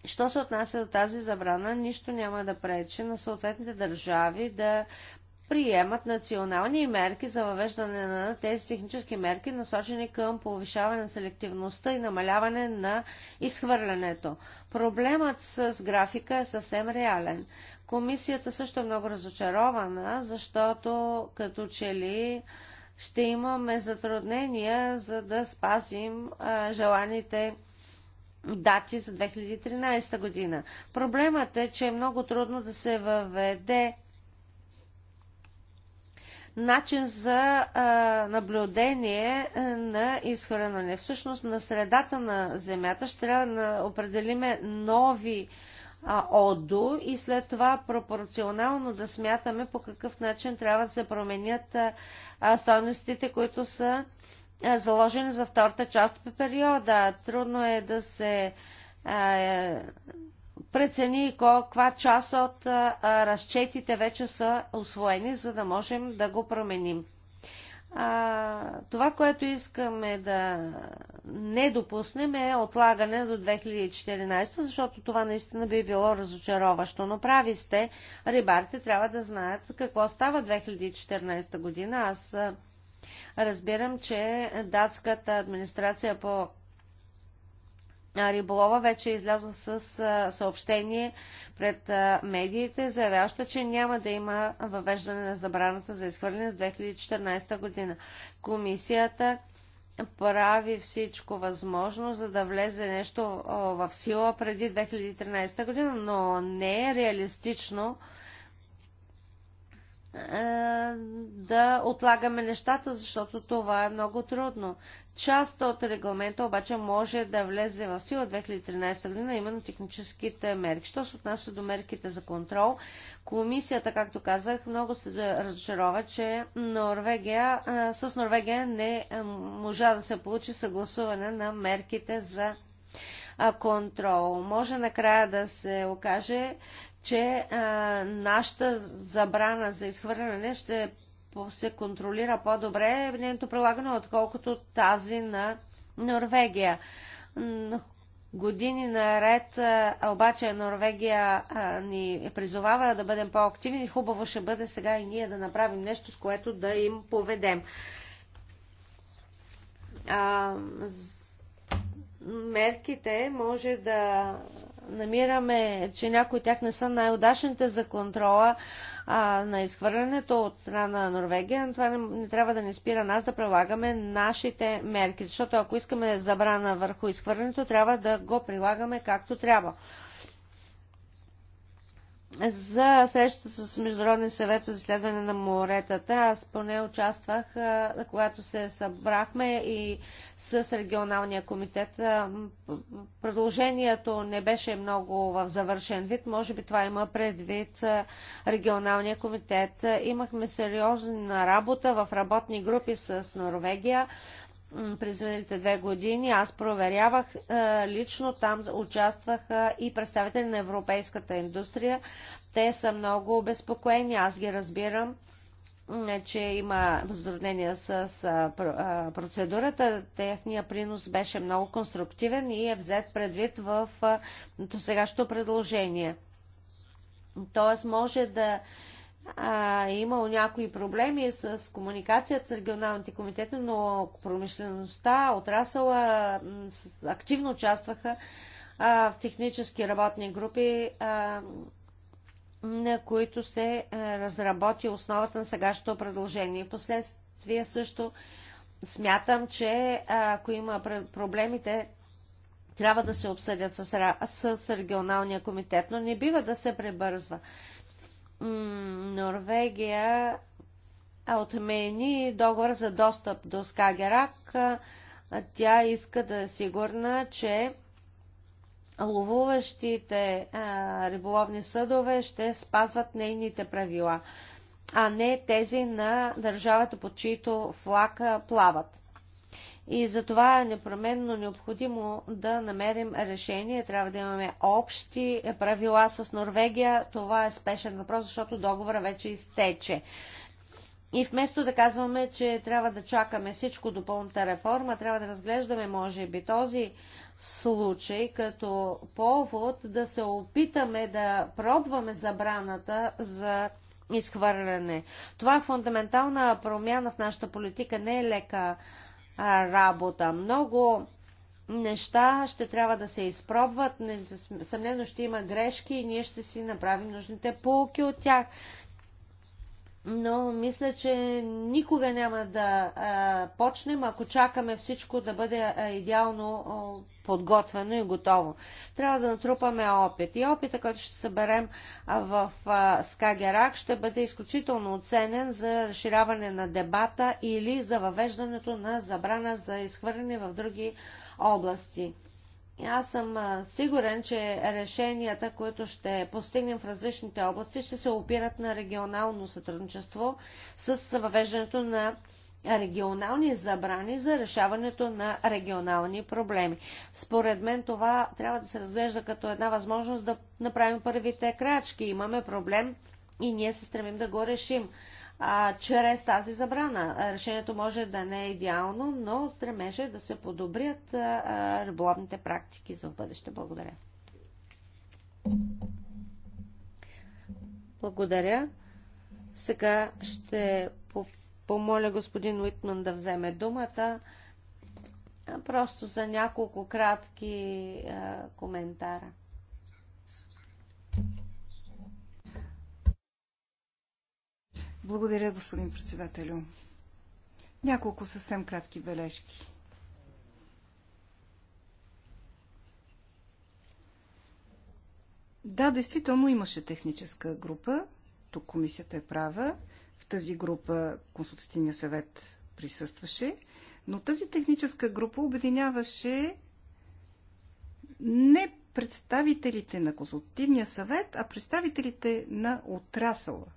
Що се отнася до тази забрана, нищо няма да пречи на съответните държави да приемат национални мерки за въвеждане на тези технически мерки, насочени към повишаване на селективността и намаляване на изхвърлянето. Проблемът с графика е съвсем реален. Комисията също е много разочарована, защото като че ли ще имаме затруднения за да спазим а, желаните дати за 2013 година. Проблемът е, че е много трудно да се въведе начин за а, наблюдение на изхранване. Всъщност на средата на Земята ще трябва да определиме нови а, ОДО и след това пропорционално да смятаме по какъв начин трябва да се променят а, стойностите, които са е, заложени за втората част от периода. Трудно е да се е, прецени каква част от е, разчетите вече са освоени, за да можем да го променим. А, това, което искаме да не допуснем е отлагане до 2014, защото това наистина би било разочароващо. Но прави сте, рибарите трябва да знаят какво става 2014 година. Аз а, Разбирам, че датската администрация по Риболова вече излязла с съобщение пред медиите, заявяваща, че няма да има въвеждане на забраната за изхвърляне с 2014 година. Комисията прави всичко възможно, за да влезе нещо в сила преди 2013 година, но не е реалистично е, да отлагаме нещата, защото това е много трудно. Част от регламента обаче може да влезе в сила 2013 година, именно техническите мерки. Що се отнася до мерките за контрол, комисията, както казах, много се разочарова, че Норвегия, е, с Норвегия не е, можа да се получи съгласуване на мерките за контрол. Може накрая да се окаже, че а, нашата забрана за изхвърляне ще се контролира по-добре нейното прилагане, отколкото тази на Норвегия. Години наред, а, обаче Норвегия а, ни призовава да бъдем по-активни. Хубаво ще бъде сега и ние да направим нещо, с което да им поведем. А, мерките може да намираме, че някои от тях не са най-удачните за контрола а, на изхвърлянето от страна на Норвегия, но това не, не трябва да ни спира нас да прилагаме нашите мерки, защото ако искаме забрана върху изхвърлянето, трябва да го прилагаме както трябва за срещата с Международния съвет за изследване на моретата. Аз поне участвах, когато се събрахме и с регионалния комитет. Продължението не беше много в завършен вид. Може би това има предвид регионалния комитет. Имахме сериозна работа в работни групи с Норвегия през миналите две години аз проверявах лично, там участваха и представители на европейската индустрия. Те са много обезпокоени, аз ги разбирам, че има затруднения с процедурата. Техният принос беше много конструктивен и е взет предвид в досегашното предложение. Тоест може да а, е имало някои проблеми с комуникацията с регионалните комитети, но промишлеността, отрасъла активно участваха а, в технически работни групи, а, на които се е, разработи основата на сегашното предложение. Последствие също смятам, че ако има проблемите, трябва да се обсъдят с, с регионалния комитет, но не бива да се пребързва. Норвегия отмени договор за достъп до Скагерак. Тя иска да е сигурна, че ловуващите риболовни съдове ще спазват нейните правила, а не тези на държавата, по чието флаг плават. И затова е непременно необходимо да намерим решение. Трябва да имаме общи правила с Норвегия. Това е спешен въпрос, защото договора вече изтече. И вместо да казваме, че трябва да чакаме всичко до пълната реформа, трябва да разглеждаме, може би, този случай като повод да се опитаме да пробваме забраната за изхвърляне. Това е фундаментална промяна в нашата политика. Не е лека работа. Много неща ще трябва да се изпробват, съмнено ще има грешки и ние ще си направим нужните полки от тях но мисля, че никога няма да а, почнем, ако чакаме всичко да бъде а, идеално а, подготвено и готово. Трябва да натрупаме опит. И опита, който ще съберем а, в а, Скагерак, ще бъде изключително оценен за разширяване на дебата или за въвеждането на забрана за изхвърляне в други области. Аз съм сигурен, че решенията, които ще постигнем в различните области, ще се опират на регионално сътрудничество с въвеждането на регионални забрани за решаването на регионални проблеми. Според мен това трябва да се разглежда като една възможност да направим първите крачки. Имаме проблем и ние се стремим да го решим а, чрез тази забрана. Решението може да не е идеално, но стремеше да се подобрят а, риболовните практики за в бъдеще. Благодаря. Благодаря. Сега ще помоля господин Уитман да вземе думата. Просто за няколко кратки а, коментара. Благодаря, господин председателю. Няколко съвсем кратки бележки. Да, действително имаше техническа група. Тук комисията е права. В тази група консултативния съвет присъстваше. Но тази техническа група обединяваше не представителите на консултативния съвет, а представителите на отрасъла –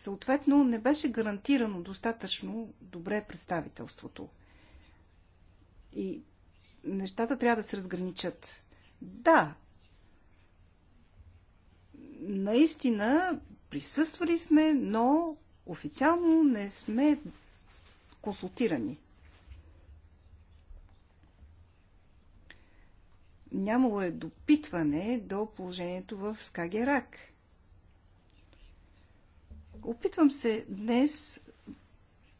Съответно, не беше гарантирано достатъчно добре представителството. И нещата трябва да се разграничат. Да, наистина присъствали сме, но официално не сме консултирани. Нямало е допитване до положението в Скагерак – Опитвам се днес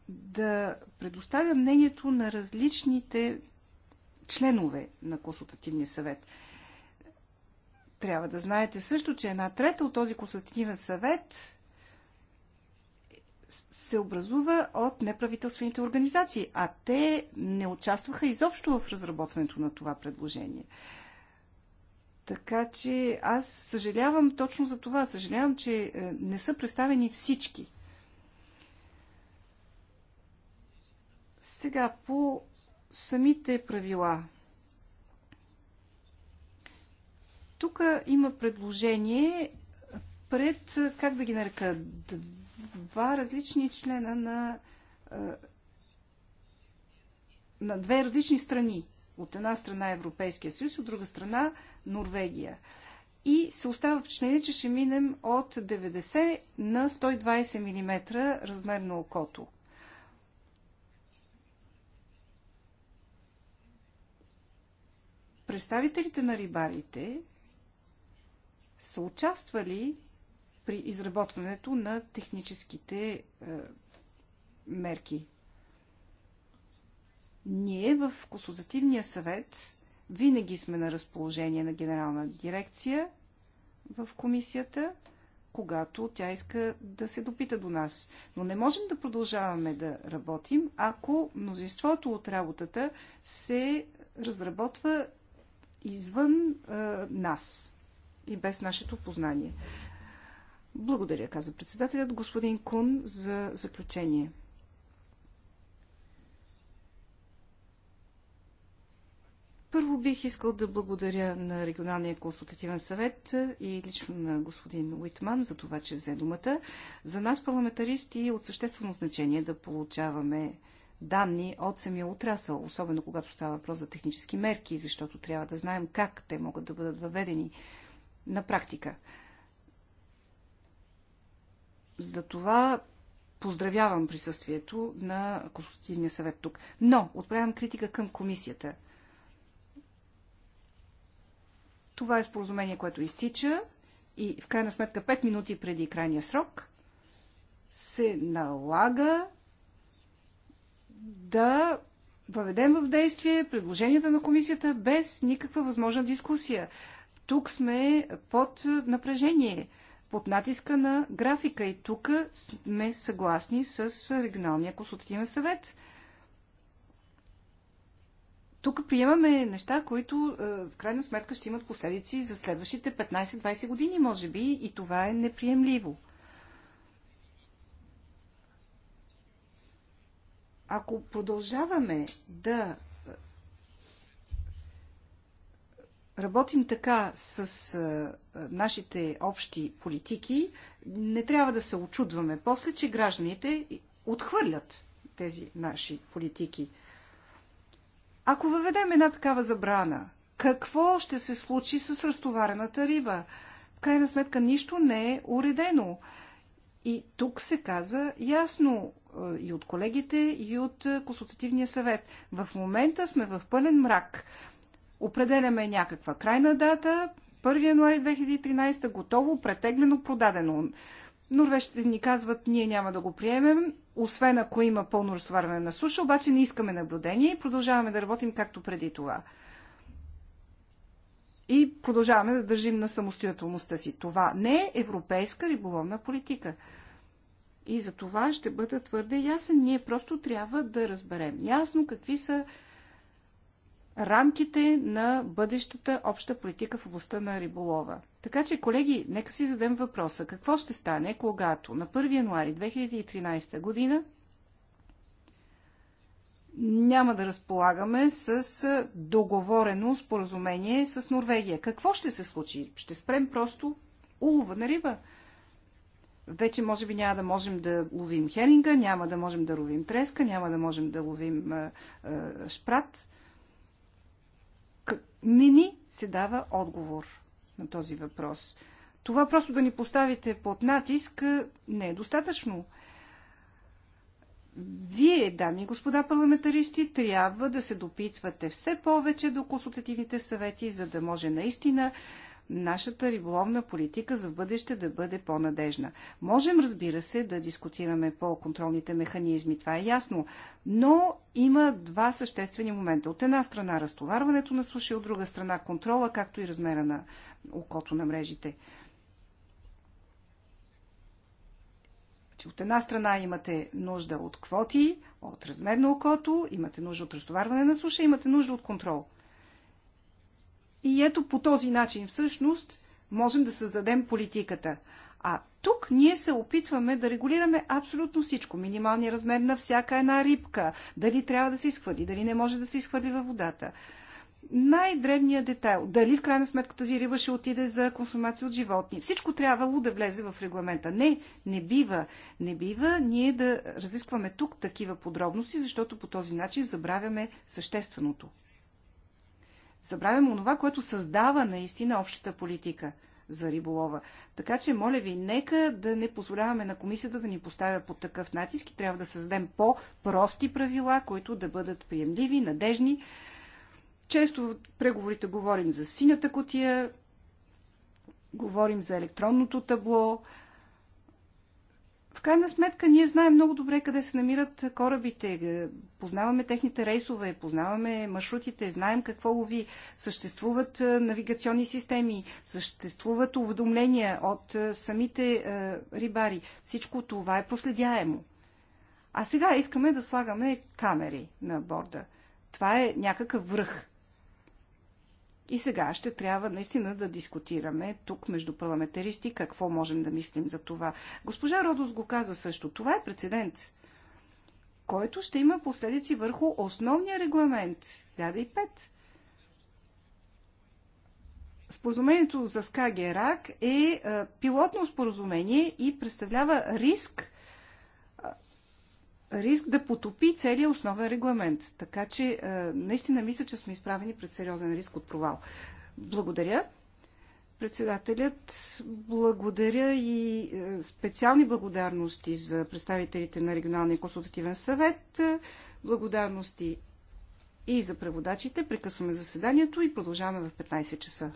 да предоставя мнението на различните членове на консултативния съвет. Трябва да знаете също, че една трета от този консултативен съвет се образува от неправителствените организации, а те не участваха изобщо в разработването на това предложение. Така че аз съжалявам точно за това. Съжалявам, че е, не са представени всички. Сега по самите правила. Тук има предложение пред, как да ги нарека, два различни члена на, е, на две различни страни. От една страна Европейския съюз, от друга страна Норвегия. И се остава впечатление, че ще минем от 90 на 120 мм размер на окото. Представителите на рибарите са участвали при изработването на техническите е, мерки ние в консултативния съвет винаги сме на разположение на генерална дирекция в комисията, когато тя иска да се допита до нас. Но не можем да продължаваме да работим, ако мнозинството от работата се разработва извън е, нас и без нашето познание. Благодаря, каза председателят господин Кун за заключение. Първо бих искал да благодаря на Регионалния консултативен съвет и лично на господин Уитман за това, че взе думата. За нас, парламентаристи, е от съществено значение да получаваме данни от самия отрасъл, особено когато става въпрос за технически мерки, защото трябва да знаем как те могат да бъдат въведени на практика. Затова поздравявам присъствието на Консултативния съвет тук. Но отправям критика към комисията – Това е споразумение, което изтича и в крайна сметка 5 минути преди крайния срок се налага да въведем в действие предложенията на комисията без никаква възможна дискусия. Тук сме под напрежение, под натиска на графика и тук сме съгласни с Регионалния консултативен съвет – тук приемаме неща, които е, в крайна сметка ще имат последици за следващите 15-20 години, може би, и това е неприемливо. Ако продължаваме да е, работим така с е, нашите общи политики, не трябва да се очудваме после, че гражданите отхвърлят тези наши политики. Ако въведем една такава забрана, какво ще се случи с разтоварената риба? В крайна сметка нищо не е уредено. И тук се каза ясно е, и от колегите, и от е, консултативния съвет. В момента сме в пълен мрак. Определяме някаква крайна дата, 1 януари 2013, готово, претеглено, продадено. Норвежците ни казват, ние няма да го приемем, освен ако има пълно разтоварване на суша, обаче не искаме наблюдение и продължаваме да работим както преди това. И продължаваме да държим на самостоятелността си. Това не е европейска риболовна политика. И за това ще бъда твърде ясен. Ние просто трябва да разберем ясно какви са рамките на бъдещата обща политика в областта на риболова. Така че, колеги, нека си зададем въпроса. Какво ще стане, когато на 1 януари 2013 година няма да разполагаме с договорено споразумение с Норвегия? Какво ще се случи? Ще спрем просто улова на риба. Вече може би няма да можем да ловим херинга, няма да можем да ловим треска, няма да можем да ловим а, а, шпрат. Не ни се дава отговор на този въпрос. Това просто да ни поставите под натиск не е достатъчно. Вие, дами и господа парламентаристи, трябва да се допитвате все повече до консултативните съвети, за да може наистина нашата риболовна политика за бъдеще да бъде по-надежна. Можем, разбира се, да дискутираме по контролните механизми, това е ясно, но има два съществени момента. От една страна разтоварването на суши, от друга страна контрола, както и размера на окото на мрежите. от една страна имате нужда от квоти, от размер на окото, имате нужда от разтоварване на суша, имате нужда от контрол – и ето по този начин всъщност можем да създадем политиката. А тук ние се опитваме да регулираме абсолютно всичко. Минималния размер на всяка една рибка. Дали трябва да се изхвърли, дали не може да се изхвърли във водата. Най-древният детайл. Дали в крайна сметка тази риба ще отиде за консумация от животни. Всичко трябвало да влезе в регламента. Не, не бива. Не бива ние да разискваме тук такива подробности, защото по този начин забравяме същественото забравяме онова, което създава наистина общата политика за риболова. Така че, моля ви, нека да не позволяваме на комисията да ни поставя под такъв натиск и трябва да създадем по-прости правила, които да бъдат приемливи, надежни. Често в преговорите говорим за синята котия, говорим за електронното табло, в крайна сметка ние знаем много добре къде се намират корабите, познаваме техните рейсове, познаваме маршрутите, знаем какво лови. Съществуват е, навигационни системи, съществуват уведомления от е, самите е, рибари. Всичко това е проследяемо. А сега искаме да слагаме камери на борда. Това е някакъв връх. И сега ще трябва наистина да дискутираме тук между парламентаристи какво можем да мислим за това. Госпожа Родос го каза също. Това е прецедент, който ще има последици върху основния регламент 1005. Споразумението за Скагерак е, е пилотно споразумение и представлява риск риск да потопи целият основен регламент. Така че е, наистина мисля, че сме изправени пред сериозен риск от провал. Благодаря. Председателят, благодаря и е, специални благодарности за представителите на Регионалния консултативен съвет. Е, благодарности и за преводачите. Прекъсваме заседанието и продължаваме в 15 часа.